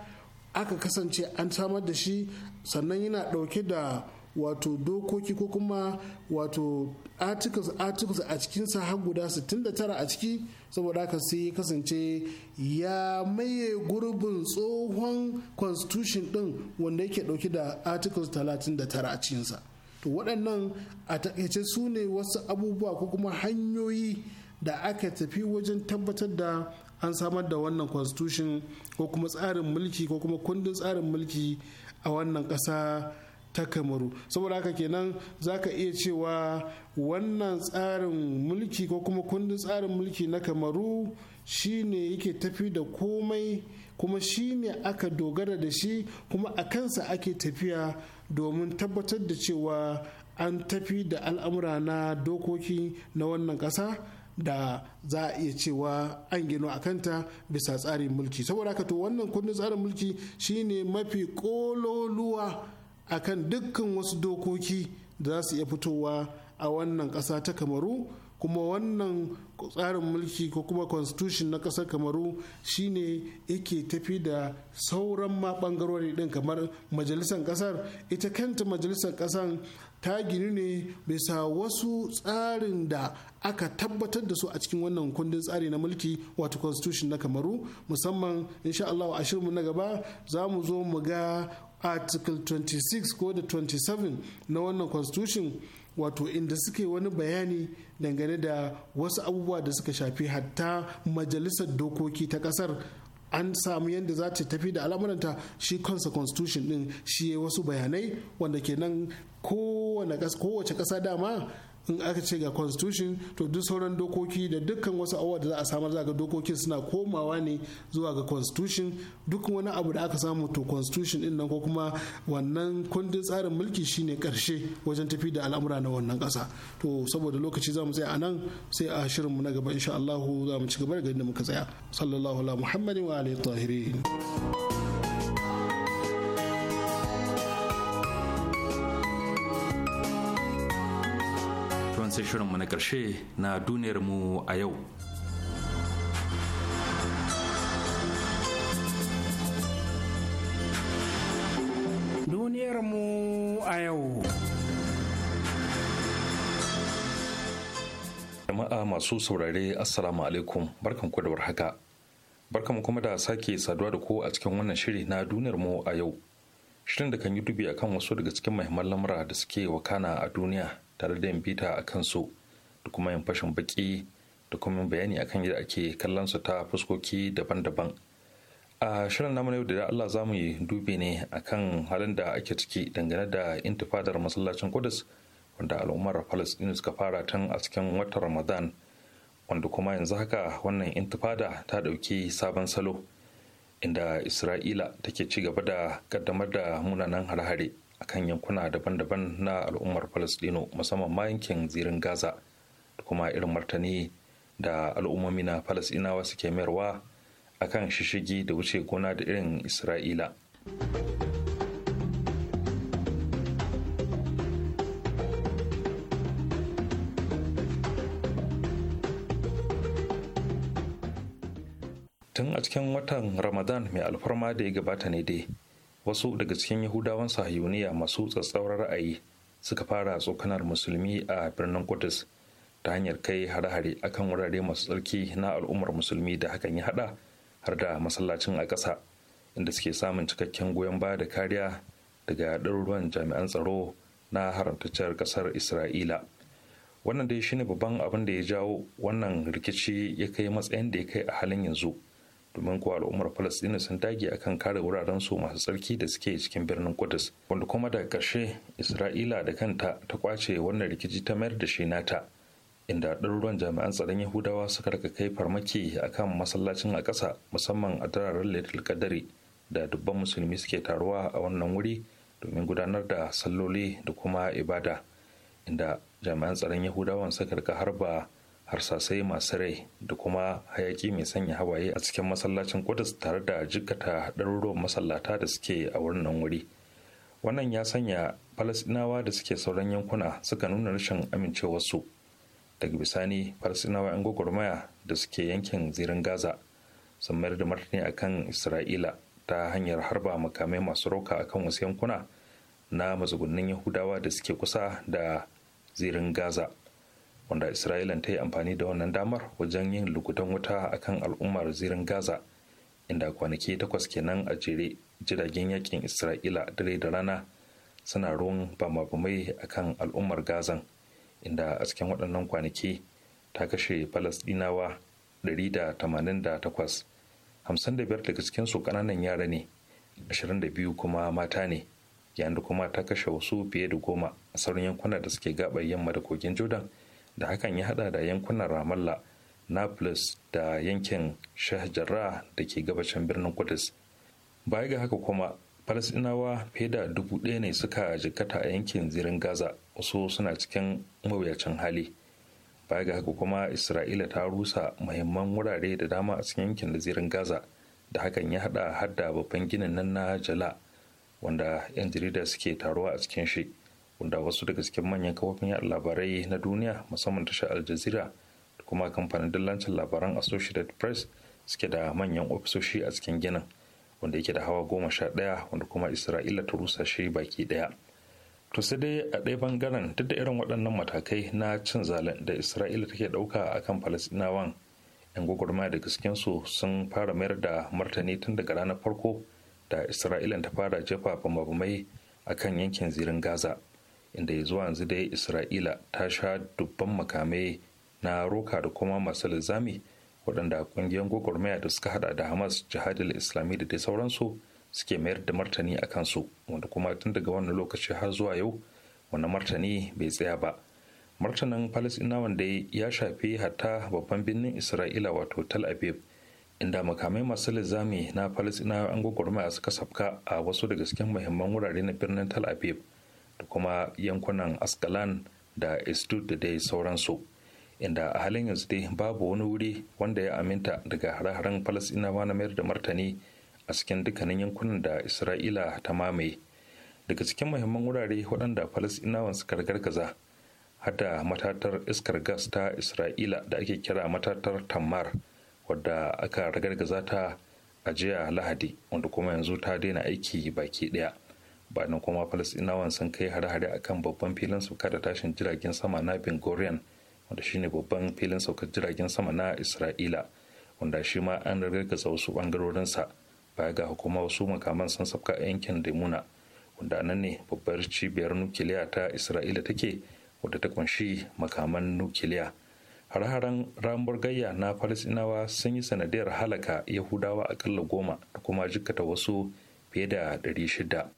Speaker 6: aka kasance an samar da shi sannan yana dauke da wato dokoki ko kuma wato articles articles a cikinsa har guda 69 a ciki saboda haka sai kasance ya maye gurbin tsohon constitution din wanda yake dauke da articles 39 a cikinsa to waɗannan a takaice su ne wasu abubuwa ko kuma hanyoyi da aka tafi wajen tabbatar da an samar da wannan constitution ko kuma tsarin mulki ko kuma kundin tsarin mulki a wannan ƙasa ta kamaru saboda haka kenan za ka iya cewa wannan tsarin mulki ko kuma kundin tsarin mulki na kamaru shine yake tafi da komai kuma shine aka dogara da shi kuma a kansa ake tafiya domin tabbatar da cewa an tafi da al'amura na dokoki na wannan ƙasa da za a iya cewa an gino a kanta bisa tsarin mulki saboda haka to wannan kundin tsarin mulki shine mafi ƙololuwa akan dukkan wasu dokoki da za su iya fitowa a wannan ƙasa ta kamaru kuma wannan tsarin mulki ko kuma constitution na kasar kamaru shine yake tafi da sauran ma ɓangarori ɗin kamar majalisar ƙasar ita kanta majalisar ƙasar ta gini ne bisa wasu tsarin da aka tabbatar da su a cikin wannan kundin tsari na mulki wato constitution na kamaru musamman insha Allah a na gaba za mu zo mu ga article 26 ko da 27 na wannan constitution wato inda suke wani bayani dangane da wasu abubuwa da suka shafi hatta majalisar dokoki ta kasar an samu yadda za ta tafi da al'amuranta shi kansa constitution din shi wasu bayanai wanda kenan kowace kasa dama in aka ce ga constitution to duk sauran dokoki da dukkan wasu abubuwa da za a samar za ga dokokin suna komawa ne zuwa ga constitution duk wani abu da aka samu to constitution din nan ko kuma wannan kundin tsarin mulki shine karshe wajen tafi da al'amura na wannan kasa to saboda lokaci za mu tsaya anan sai a shirin mu na gaba insha Allah za mu ci gaba da ganin da muka tsaya sallallahu alaihi wa alihi tahirin
Speaker 4: nan shirinmu na ƙarshe na duniyarmu
Speaker 1: a yau. Duniyarmu a yau.
Speaker 4: Jama'a masu saurare Assalamu alaikum barkanku da warhaka. mu kuma da sake saduwa da ku a cikin wannan shiri na duniyarmu a yau. Shirin da kan yi dubi akan wasu daga cikin mahimman lamura da suke wakana a duniya tare da yin bita a kansu da kuma yin fashin baki da kuma bayani akan yadda ake kallon su ta fuskoki daban-daban a shirin namu yau da Allah za mu yi dubi ne akan halin da ake ciki dangane da intifadar masallacin Kudus wanda al'ummar Palestine suka fara tun a cikin watan Ramadan wanda kuma yanzu haka wannan intifada ta dauki sabon salo inda Isra'ila take ci gaba da kaddamar da munanan hare-hare a kan yankuna daban-daban na al'ummar palestino musamman ma yankin zirin gaza da kuma irin martani da al'ummomi na palestinawa suke mayarwa a kan shishigi da wuce gona da irin isra'ila tun a cikin watan ramadan mai alfarma da ya gabata ne dai wasu daga cikin yahudawan sahiyuniya masu tsatsauran ra'ayi suka fara tsokanar musulmi a birnin kudus ta hanyar kai hare-hare akan wurare masu tsarki na al'ummar musulmi da hakan ya haɗa har da masallacin a ƙasa inda suke samun cikakken goyon baya da kariya daga ɗaruruwan jami'an tsaro na haramtacciyar ƙasar isra'ila wannan dai shine babban abin da ya jawo wannan rikici ya kai matsayin da ya kai a halin yanzu domin kuwa al'ummar Falasɗina sun dage akan kare wuraren su masu tsarki da suke cikin birnin Kudus wanda kuma daga ƙarshe Isra'ila da kanta ta kwace wannan rikici ta mayar da shi nata inda ɗaruruwan jami'an tsaron Yahudawa suka rika kai farmaki akan masallacin a ƙasa musamman a dararen Laitul kadari da dubban musulmi suke taruwa a wannan wuri domin gudanar da salloli da kuma ibada inda jami'an tsaron Yahudawan suka rika harba harsasai masu rai da kuma hayaki mai sanya hawaye a cikin masallacin kudus tare da jikata ɗaruruwan masallata da suke a nan wuri wannan ya sanya falasinawa da suke sauran yankuna suka nuna rashin amincewarsu daga bisani falasinawa 'yan gwagwarmaya da suke yankin zirin gaza sun mayar da martani akan isra'ila ta hanyar harba makamai masu roka akan wasu yankuna na matsugunnin yahudawa da suke kusa da zirin gaza wanda isra'ilan ta yi amfani da wannan damar wajen yin lukutan wuta akan al'ummar zirin gaza inda kwanaki takwas kenan a jere jiragen yakin isra'ila dare da rana suna ruwan bamabamai akan al'ummar gazan inda a cikin waɗannan kwanaki ta kashe falasɗinawa 188 biyar daga cikinsu ƙananan yara ne 22 kuma mata ne yayin da kuma ta kashe wasu fiye da goma a sauran yankunan da suke gaɓar yamma da kogin jordan da hakan ya hada da yankunan ramallah naples da yankin shah jarrah da ke gabashin birnin kudus baya ga haka kuma falasinawa fiye da dubu ɗaya ne suka jikata a yankin zirin gaza wasu suna cikin mawuyacin hali baya ga haka kuma isra'ila ta rusa muhimman wurare da dama a cikin yankin da zirin gaza da hakan ya hada hadda babban ginin nan na jala wanda 'yan jarida suke taruwa a cikin shi wanda wasu daga cikin manyan kafofin yaɗa labarai na duniya musamman tashar al jazeera da kuma kamfanin dillancin labaran associated press suke da manyan ofisoshi a cikin ginin wanda yake da hawa goma sha ɗaya wanda kuma isra'ila ta rusa shi baki ɗaya to sai dai a ɗaya bangaren duk da irin waɗannan matakai na cin zalin da isra'ila take ɗauka a kan falasɗinawan yan gwagwarmaya da gaskensu sun fara mayar da martani tun daga ranar farko da isra'ila ta fara jefa bambamai a kan yankin zirin gaza inda ya zuwa yanzu dai isra'ila ta sha dubban makamai na roka da kuma masu lizami waɗanda ƙungiyar gwagwarmaya da suka hada da hamas jihadil islami da dai sauransu suke mayar da martani a kansu wanda kuma tun daga wannan lokaci har zuwa yau wani martani bai tsaya ba martanin falasinawan da ya shafi hatta babban birnin isra'ila wato Tal aviv inda makamai masu lizami na falasinawa an gwagwarmaya suka safka a wasu daga cikin muhimman wurare na birnin Tal aviv da kuma yankunan askalan da istud da dai sauransu inda a halin yanzu dai babu wani wuri wanda ya aminta daga hare-haren falasinawa na mayar da martani a cikin dukkanin yankunan da isra'ila ta mamaye daga cikin muhimman wurare waɗanda falasinawan suka gargaza hada matatar iskar gas ta isra'ila da ake kira matatar tamar wadda aka ragargaza ta a jiya lahadi wanda kuma yanzu ta daina aiki baki ɗaya ba na kuma falasɗinawan sun kai hare-hare akan babban filin sauka da tashin jiragen sama na ben gurion wanda shine babban filin saukar jiragen sama na isra'ila wanda shi ma an gasa wasu bangarorinsa baya ga hukuma wasu makaman sun sabka a yankin demuna wanda nan ne babbar cibiyar nukiliya ta isra'ila take wadda ta kunshi makaman nukiliya har-haren rambar gayya na falasinawa sun yi sanadiyar halaka yahudawa akalla goma da kuma jikkata wasu fiye da 600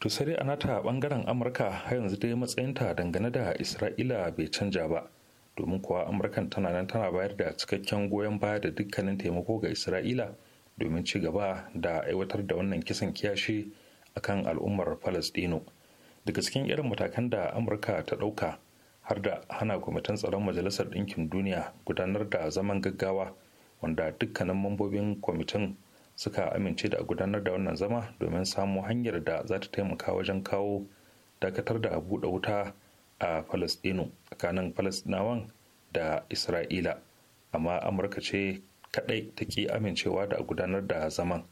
Speaker 4: tusari a nata bangaren amurka har yanzu dai matsayinta dangane da isra'ila bai canja ba domin kuwa amurkan tana nan tana bayar da cikakken goyon baya da dukkanin taimako ga isra'ila domin ci gaba da aiwatar da wannan kisan kiyashi akan al'ummar falastino daga cikin irin matakan da amurka ta ɗauka har da hana kwamitin tsaron majalisar ɗinkin duniya gudanar da zaman gaggawa wanda dukkanin mambobin kwamitin suka amince da gudanar da wannan zama domin samu hanyar da za ta taimaka wajen kawo dakatar da buɗe wuta a falasɗinu tsakanin falasɗinawan da isra'ila amma amurka ce kaɗai take amincewa da gudanar da zaman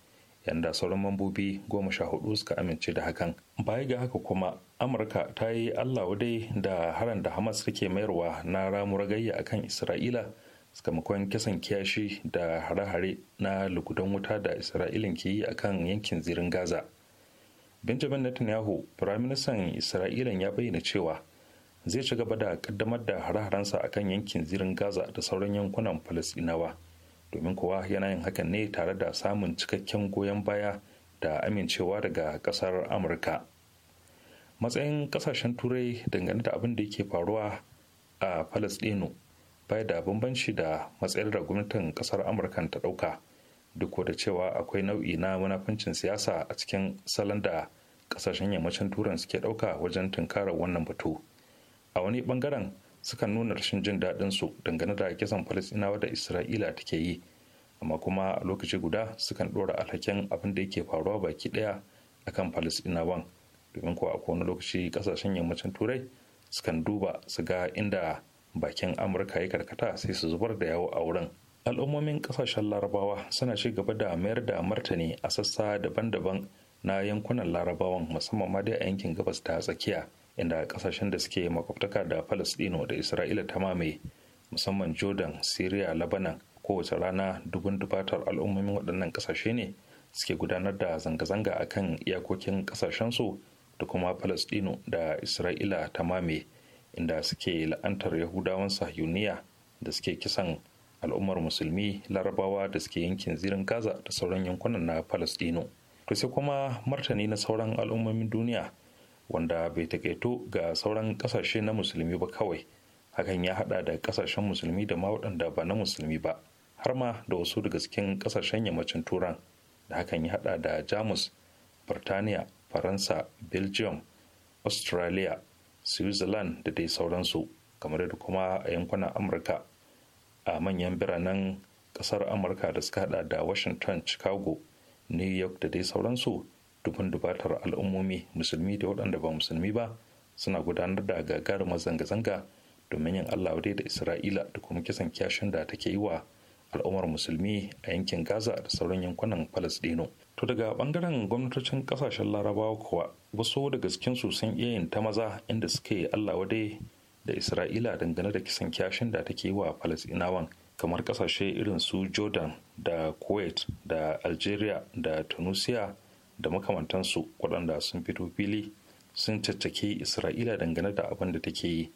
Speaker 4: yanda sauran mambobi goma sha hudu suka amince da hakan baya ga haka kuma amurka ta yi allah wadai da haran da hamas take mayarwa na ragayya gayya kan isra'ila sakamakon kisan kiyashi da hare-hare na lugudan wuta da isra'ilin ke yi a kan yankin zirin gaza benjamin netanyahu firaministan isra'ilan ya bayyana cewa zai ci gaba da kaddamar da hare-harensa kan yankin zirin gaza da sauran yankunan falasinawa domin kuwa yana yin hakan ne tare da samun cikakken goyon baya da amincewa daga kasar amurka matsayin kasashen turai dangane da abin da yake faruwa a palestino bai da bambanci da matsayar da gwamnatin kasar amurka ta dauka duk da cewa akwai nau'i na munafincin siyasa a cikin salon da kasashen yammacin turan suke dauka wajen tunkarar wannan batu a wani bangaren Sukan nuna rashin jin daɗin su dangane da kisan Falasinawa da isra'ila take yi amma kuma a lokaci guda sukan ɗora alhakin abin da yake faruwa baki ɗaya akan Falasinawan, domin kuwa a kowane lokaci ƙasashen yammacin turai sukan duba su ga inda bakin amurka ya karkata sai su zubar da yawo a wurin al'ummomin ƙasashen larabawa suna ci gaba da mayar da martani a sassa daban-daban na yankunan larabawan musamman ma dai a yankin gabas ta tsakiya inda kasashen da suke makwabtaka da falasdino da isra'ila ta mamaye musamman jordan syria labanan kowace rana dubun dubatar al'ummomin waɗannan kasashe ne suke gudanar da zanga-zanga a kan iyakokin kasashensu da kuma falasdino da isra'ila ta mame inda suke la'antar yahudawan sahuniya da suke kisan al'ummar musulmi larabawa da suke yankin zirin gaza da sauran yankunan na falasdino to kuma martani na sauran al'ummomin duniya wanda bai takaitu ga sauran ƙasashe na musulmi ba kawai hakan ya hada da ƙasashen musulmi da ma waɗanda ba na musulmi ba har ma da wasu daga cikin ƙasashen yammacin turan da hakan ya hada da jamus birtaniya faransa belgium australia switzerland da dai sauransu kamar da kuma a yankunan amurka a manyan biranen ƙasar amurka da suka hada da washington chicago new york da dai sauransu dubun dubatar al'ummomi musulmi da waɗanda ba musulmi ba suna gudanar da gagarumar zanga-zanga domin yin allah wadai da isra'ila da kuma kisan kyashin da take yi wa al'ummar musulmi a yankin gaza da sauran yankunan palestino to daga bangaren gwamnatocin kasashen larabawa kuwa wasu daga su sun iya yin ta maza inda suke allah wadai da isra'ila dangane da kisan kyashin da take yi wa palestinawan kamar kasashe irin su jordan da kuwait da algeria da tunisia da makamantansu waɗanda sun fito fili sun caccake isra'ila dangane da abin da take yi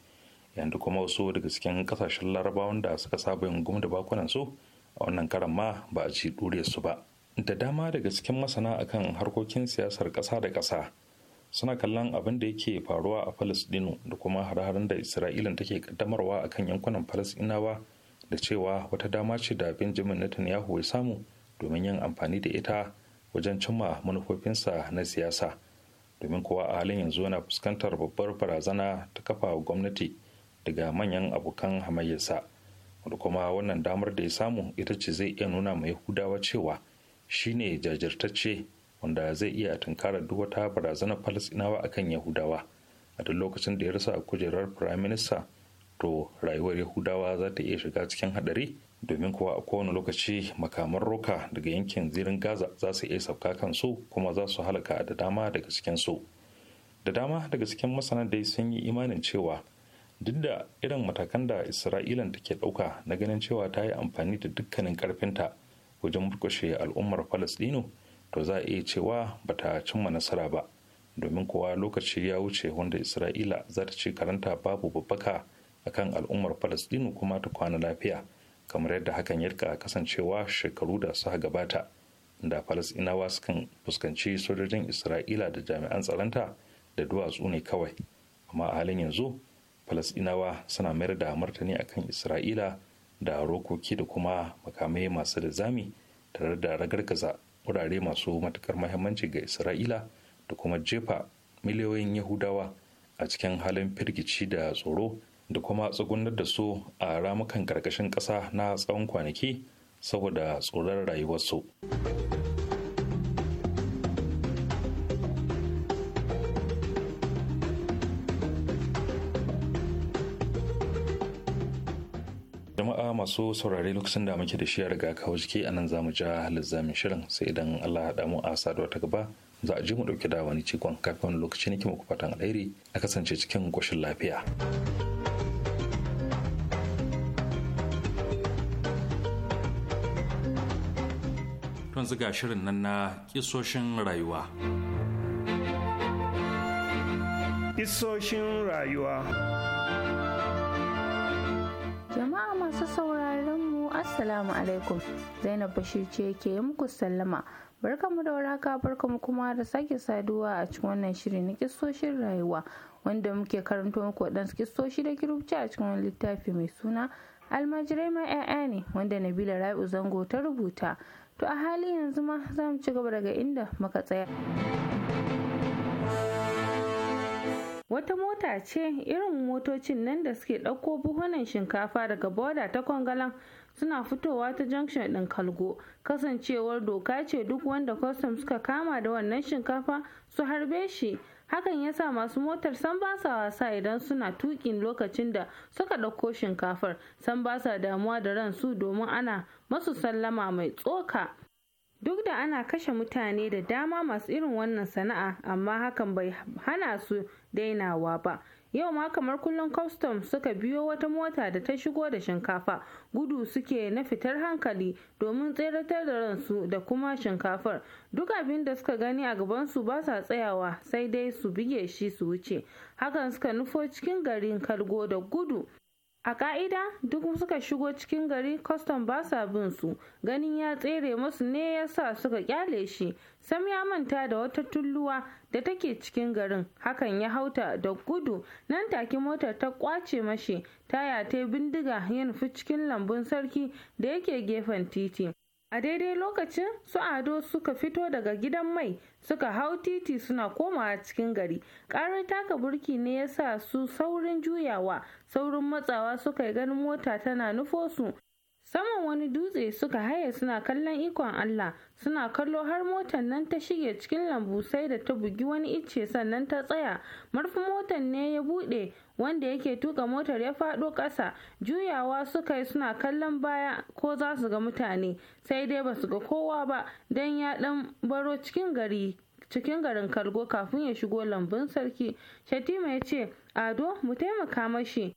Speaker 4: yanzu kuma wasu daga cikin ƙasashen larabawan da suka saba yin gum da bakunan su a wannan karan ma ba a ci ɗure su ba da dama daga cikin masana akan harkokin siyasar ƙasa da ƙasa suna kallon abin da yake faruwa a falasɗinu da kuma hare-haren da isra'ila take kaddamarwa akan yankunan falasɗinawa da cewa wata dama ce da benjamin netanyahu ya samu domin yin amfani da ita wajen cimma manufofinsa na siyasa domin kuwa a halin yanzu yana fuskantar babbar barazana ta kafa gwamnati daga manyan abokan hamayyarsa wanda kuma wannan damar da ya samu ita ce zai iya nuna mai hudawa cewa shine jajirtacce wanda zai iya tunkara duk wata barazanar falasinawa akan yahudawa a duk lokacin da ya rasa kujerar firaminista to rayuwar yahudawa za ta iya shiga cikin hadari domin kuwa a kowane lokaci makaman roka daga yankin zirin gaza za su iya sauka kansu kuma za su halaka da dama daga cikinsu da dama daga cikin masana dai sun yi imanin cewa duk da irin matakan da isra'ilan take dauka na ganin cewa ta yi amfani da dukkanin karfinta wajen murkushe al'ummar falasɗinu to za a iya cewa ba ta cimma nasara ba domin kuwa lokaci ya wuce wanda isra'ila za ta ci karanta babu babbaka akan al'ummar falasɗinu kuma ta kwana lafiya kamar yadda hakan ya rika kasancewa shekaru da suka gabata da falasinawa sukan fuskanci sojojin isra'ila da jami'an tsaronta da duwatsu ne kawai amma a halin yanzu falasinawa suna mayar da martani akan isra'ila da rokoki da kuma makamai masu da zami tare da ragargaza wurare masu matukar mahimmanci ga isra'ila da kuma jefa miliyoyin yahudawa a cikin halin firgici da tsoro da kuma tsugunar da su a ramukan karkashin ƙasa na tsawon kwanaki saboda tsoron rayuwarsu. jama'a masu saurari lokacin da muke da shi riga kawo jiki a nan zamu ja lizamin shirin sai idan allah haɗa mu a saduwa ta gaba za a ji mu ɗauki da wani cikon kafin lokacin ne ke muku fatan alheri a kasance cikin ƙoshin lafiya. kan ziga shirin nan na kisoshin rayuwa.
Speaker 2: Kisoshin rayuwa
Speaker 7: Jama'a masu sauraron mu Assalamu alaikum Zainab Bashir ce ke muku sallama. Barkamu da waraka barkamu kuma da sake saduwa a cikin wannan shiri na kisoshin rayuwa wanda muke karanto muku dan kisoshi da kirubci a cikin wani littafi mai suna almajirai ma 'ya'ya ne wanda nabila rai'u zango ta rubuta to a hali yanzu ma za mu ci gaba daga inda muka tsaya wata mota ce irin motocin nan da suke ɗauko buhunan shinkafa daga boda ta kwangalan suna fitowa ta junction ɗin kalgo kasancewar doka ce duk wanda kwastam suka kama da wannan shinkafa su harbe shi hakan ya sa masu motar san ba sa wasa idan suna tukin lokacin da suka ɗauko shinkafar san ba sa damuwa da ran su domin ana masu sallama mai tsoka duk da ana kashe mutane da dama masu irin wannan sana'a amma hakan bai hana su dainawa ba yau ma kamar kullum custom suka biyo wata mota da ta shigo da shinkafa gudu suke na fitar hankali domin tseratar da ransu da kuma shinkafar duk abin da suka gani a gabansu ba sa tsayawa sai dai su bige shi su wuce hakan suka nufo cikin garin kalgo da gudu a ka'ida duk suka shigo cikin gari kwastam ba sa bin su ganin ya tsere musu ne ya sa suka kyale shi sam ya manta da wata tulluwa da take cikin garin hakan ya hauta da gudu nan take motar ta kwace mashi taya ta bindiga yin fi cikin lambun sarki da yake gefen titi a daidai lokacin su ado suka fito daga gidan mai suka hau titi suna komawa cikin gari karar taka burki ne ya sa su saurin juyawa saurin matsawa suka yi ganin mota tana nufo su saman wani dutse suka haye suna kallon ikon allah suna kallo har motar nan ta shige cikin lambu sai da ta bugi wani icce sannan ta tsaya marfin motar ne ya buɗe wanda yake tuka motar ya faɗo ƙasa juyawa suka yi suna kallon baya ko za su ga mutane sai dai ba su ga kowa ba don ya ɗan baro cikin gari cikin garin kalgo kafin ya shigo lambun sarki shatima ya ce ado mu taimaka mashi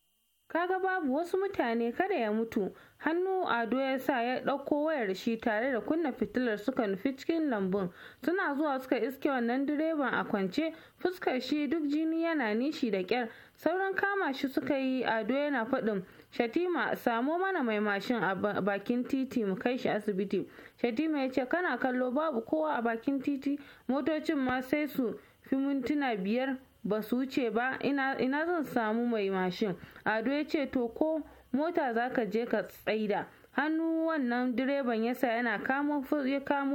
Speaker 7: kaga babu wasu mutane kada ya mutu hannu ado ya sa ya ɗauko wayar shi tare da kunna fitilar suka nufi cikin lambun suna zuwa suka iske wannan direban a kwance fuskar shi duk jini yana nishi da kyar sauran kama shi suka yi ado yana faɗin shatima samo mana mai mashin a bakin titi mu kai shi asibiti shatima ya ce kana kallo babu kowa a bakin titi motocin ma sai su fi mintuna biyar ba su wuce ba ina zan samu mai mashin ado ya ce to ko mota za ka je ka tsaida hannu wannan direban yasa yana kamo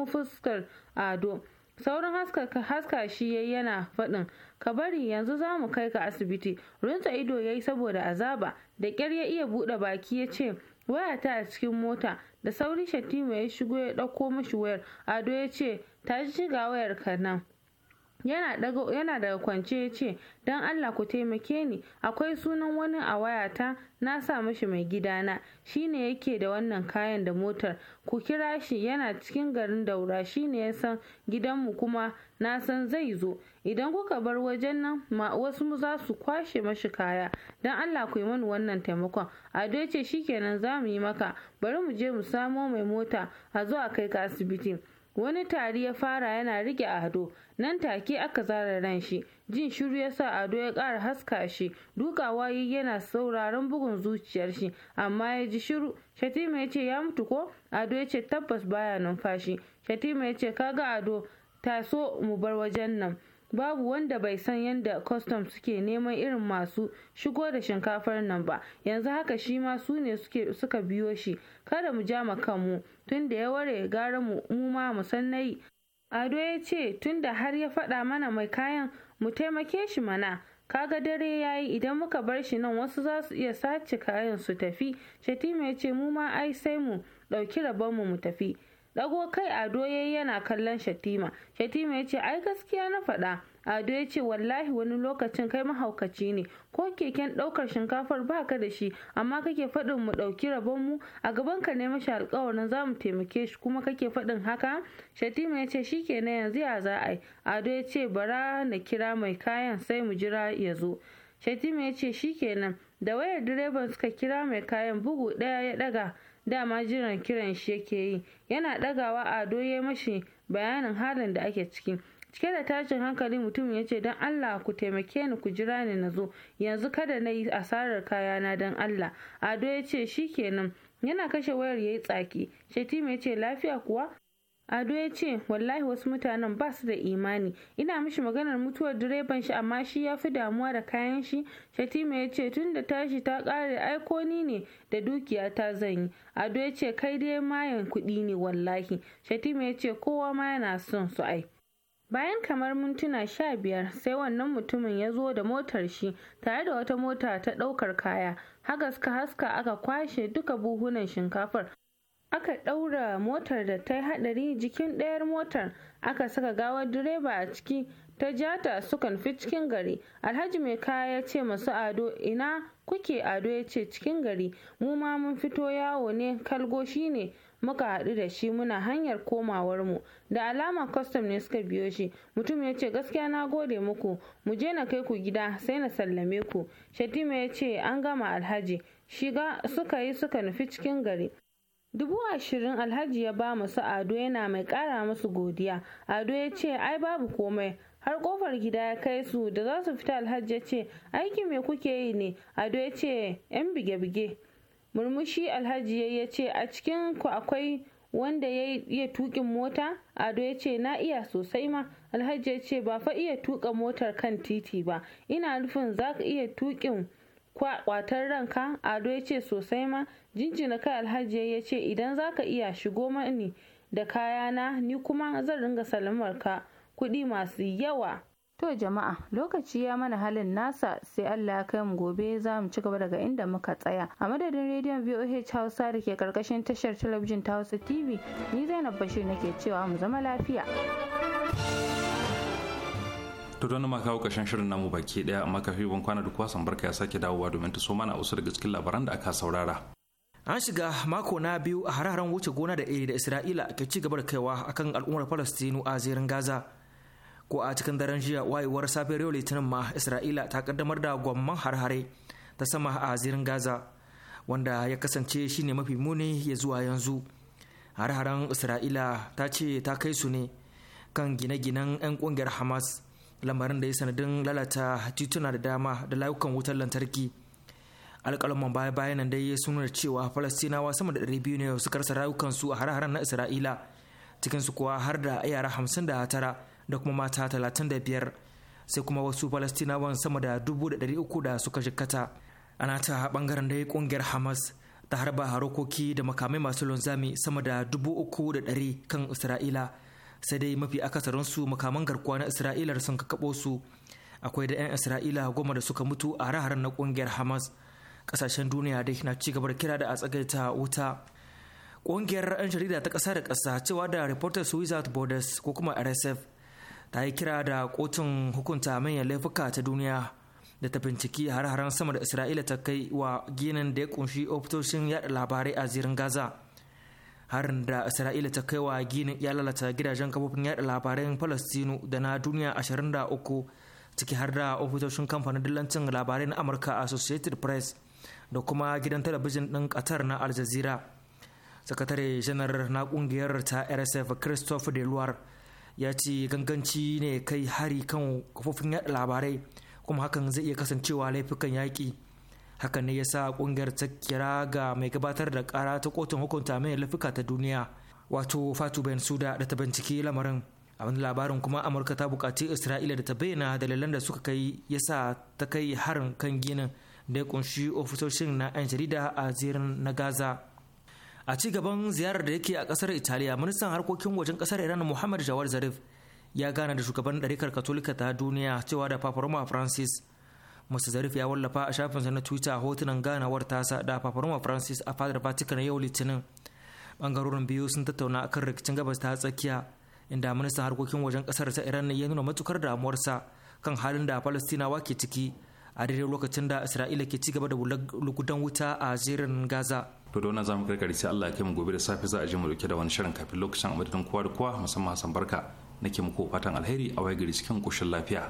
Speaker 7: fuskar ado saurin haska shi yayi yana faɗin ka bari yanzu za mu kai ka asibiti runta ido ya yi saboda azaba da ƙyar ya iya buɗe baki ya ce waya ta a cikin mota da sauri shatima ya shigo ya ɗauko mashi wayar ado ya ce ta shiga wayar ka nan yana daga kwance ya ce don allah ku taimake ni akwai sunan wani a wayata na sa mashi mai gidana shine yake da wannan kayan da motar ku kira shi yana cikin garin daura shine ya san gidanmu kuma na san zai zo idan kuka bar wajen nan wasu mu za su kwashe mashi kaya don allah ku yi mani wannan taimakon a ya ce shikenan za mu yi maka bari mu je mu samo mai mota a zo a kai ka asibiti wani tari ya fara yana rike ado nan take aka zara ran shi jin shiru ya sa ado ya ƙara haska shi dukawa yi yana sauraron bugun zuciyar shi amma ya ji shiru shatima ya ce ya mutu ko ado ya ce tabbas baya numfashi shatima ya ce kaga ado taso mu bar wajen nan babu wanda bai san yadda kwastam suke neman irin masu shigo da shinkafar nan ba yanzu haka shi ma su ne suka biyo shi kada mu ja kanmu tun da ya ware gara mu ma mu san ado ya ce tun da har ya faɗa mana mai kayan mu taimake shi mana kaga dare ya yi idan muka bar shi nan wasu za su iya sace kayan su tafi shatima ya ce mu ma ai sai mu ɗauki rabonmu mu tafi ɗago kai Ado yayi yana kallon Shatima. Shatima ya ce, "Ai gaskiya na faɗa." Ado ya ce, "Wallahi wani lokacin kai mahaukaci ne, ko keken ɗaukar shinkafar ba ka da shi, amma kake faɗin mu ɗauki rabon mu? a gaban ka ne mashi alƙawarin za mu taimake shi kuma kake faɗin haka?" Shatima ya ce, na yanzu ya za a yi." Ado ya ce, "Bara na kira mai kayan sai mu jira ya zo." Shatima ya ce, nan, Da wayar direban suka kira mai kayan bugu ɗaya ya ɗaga. dama jiran kiran shi yake yi yana ɗagawa ado ya mashi bayanin halin da ake ciki cike da tashin hankali mutum ya ce don allah ku taimake ni ku jira ni na zo yanzu kada na yi asarar kayana don allah ado ya ce kenan yana kashe wayar ya yi tsaki shetima ya ce lafiya kuwa Ado ya ce, wallahi wasu mutanen ba su da imani, ina mishi maganar mutuwar direban shi amma shi ya fi damuwa da kayan shi, Shatima ya ce tun da tashi ta ƙare ni ne da dukiya ta zanyi. Ado ya ce kai dai mayan kuɗi ne wallahi, Shatima ya ce kowa ma yana son su ai. Bayan kamar mintuna sha biyar sai wannan mutumin ya zo da motar shi tare da wata mota ta ɗaukar kaya, haka suka haska aka kwashe duka buhunan shinkafar aka ɗaura motar da ta yi haɗari jikin ɗayar motar aka saka gawar direba a ciki ta jata suka nufi cikin gari alhaji mai kaya ya ce masu ado ina kuke ado ya ce cikin gari mu ma mun fito yawo ne kalgo shi ne, muka haɗu da shi muna hanyar komawar mu da alama kwastam ne suka biyo shi mutum ya ce gaskiya na gode muku mu je na kai ku gida sai na sallame ku shatima ya ce an gama alhaji shiga suka yi suka nufi cikin gari dubu ashirin alhaji ya ba masu ado yana mai kara masu godiya ado ya ce ai babu komai har kofar gida ya kai su da za su fita alhaji ya ce aiki me kuke yi ne ado ya ce yan bige-bige murmushi alhaji ya ce a cikin ku akwai wanda ya iya tukin mota ado ya ce na iya sosai ma alhaji ya ce ba fa iya tuka motar kan titi ba ina nufin za ka iya tukin kwatar ranka ado ya ce sosai ma jinjina kai alhaji ya ce idan za ka iya shigo mani da kayana ni kuma zan ringa salamar ka kuɗi masu yawa to jama'a lokaci ya mana halin nasa sai allah ya kai mu gobe za mu ci gaba daga inda muka tsaya a madadin rediyon voh hausa da ke karkashin tashar talabijin ta hausa tv ni zainab bashir nake cewa mu zama lafiya
Speaker 4: to don ma kawo kashin shirin namu baki daya amma kafin ban kwana da kwasan barka ya sake dawowa domin ta so mana a wasu daga cikin labaran da aka saurara
Speaker 3: an shiga mako na biyu a hararen wuce gona da iri da isra'ila ke ci gaba da kaiwa akan al'ummar falastinu a zirin gaza ko a cikin daren jiya wayewar safiyar yau litinin ma isra'ila ta kaddamar da gwamman harhare ta sama a zirin gaza wanda ya kasance shine mafi muni ya zuwa yanzu har isra'ila ta ce ta kai su ne kan gine-ginen 'yan kungiyar hamas lamarin da ya sanadin lalata tituna da dama da layukan wutar lantarki alƙalman baya bayanan dai ya sunar cewa falastinawa sama da 200 ne suka rasa rayukansu a hare na isra'ila cikinsu kuwa har da yara 59 da kuma mata 35 sai kuma wasu falastinawan sama da 300 da suka jikkata ana ta bangaren dai kungiyar hamas ta harba harokoki da makamai masu lunzami sama da dubu kan isra'ila sai dai mafi akasarinsu makaman garkuwa na isra'ilar sun kakaɓo su akwai da 'yan isra'ila goma da suka mutu a raharen na kungiyar hamas kasashen duniya ke na ci gaba da kira da a tsagaita wuta ƙungiyar 'yan jarida ta ƙasa da ƙasa cewa da reporters without borders ko kuma rsf ta yi kira da kotun hukunta manyan laifuka ta duniya da ta binciki har-haren sama da isra'ila ta kai wa ginin da ya kunshi ofitoshin yada labarai a zirin gaza harin da isra'ila ta kai wa ginin ya lalata gidajen kafofin yada labaran palestinu da na duniya 23 ciki har da ofitoshin kamfanin dillancin labarai na amurka associated press da kuma gidan talabijin ɗin qatar na al jazeera sakatare janar na ƙungiyar ta rsf christophe deluar ya ce ganganci ne kai hari kan kafofin yaɗa labarai kuma hakan zai iya kasancewa laifukan yaƙi hakan ne ya sa kungiyar ta kira ga mai gabatar da ƙara ta kotun hukunta mai laifuka ta duniya wato fatu ben suda da ta binciki lamarin a labarin kuma amurka ta bukaci isra'ila da ta bayyana dalilan da suka kai ya sa ta kai harin kan ginin da ya kunshi ofisoshin na 'yan jarida a zirin na gaza a ci gaban ziyarar da yake a kasar italiya ministan harkokin wajen kasar iran muhammad jawar zarif ya gana da shugaban ɗarikar katolika ta duniya cewa da paparoma francis mr zarif ya wallafa a shafinsa na twitter hotunan ganawar tasa da paparoma francis a fadar vatican yau litinin bangarorin biyu sun tattauna akan rikicin gabas ta tsakiya inda ministan harkokin wajen kasar ta iran ya nuna matukar damuwarsa kan halin da falastinawa ke ciki a daidai lokacin da isra'ila ke ci gaba da lugudan wuta a zirin gaza
Speaker 4: to dona zamu karkare sai Allah ya kai mu gobe da safe za a je mu dauke da wani shirin kafin lokacin amadadin kowa da kowa musamman Hassan Barka na ke muku fatan alheri a waye gari cikin koshin lafiya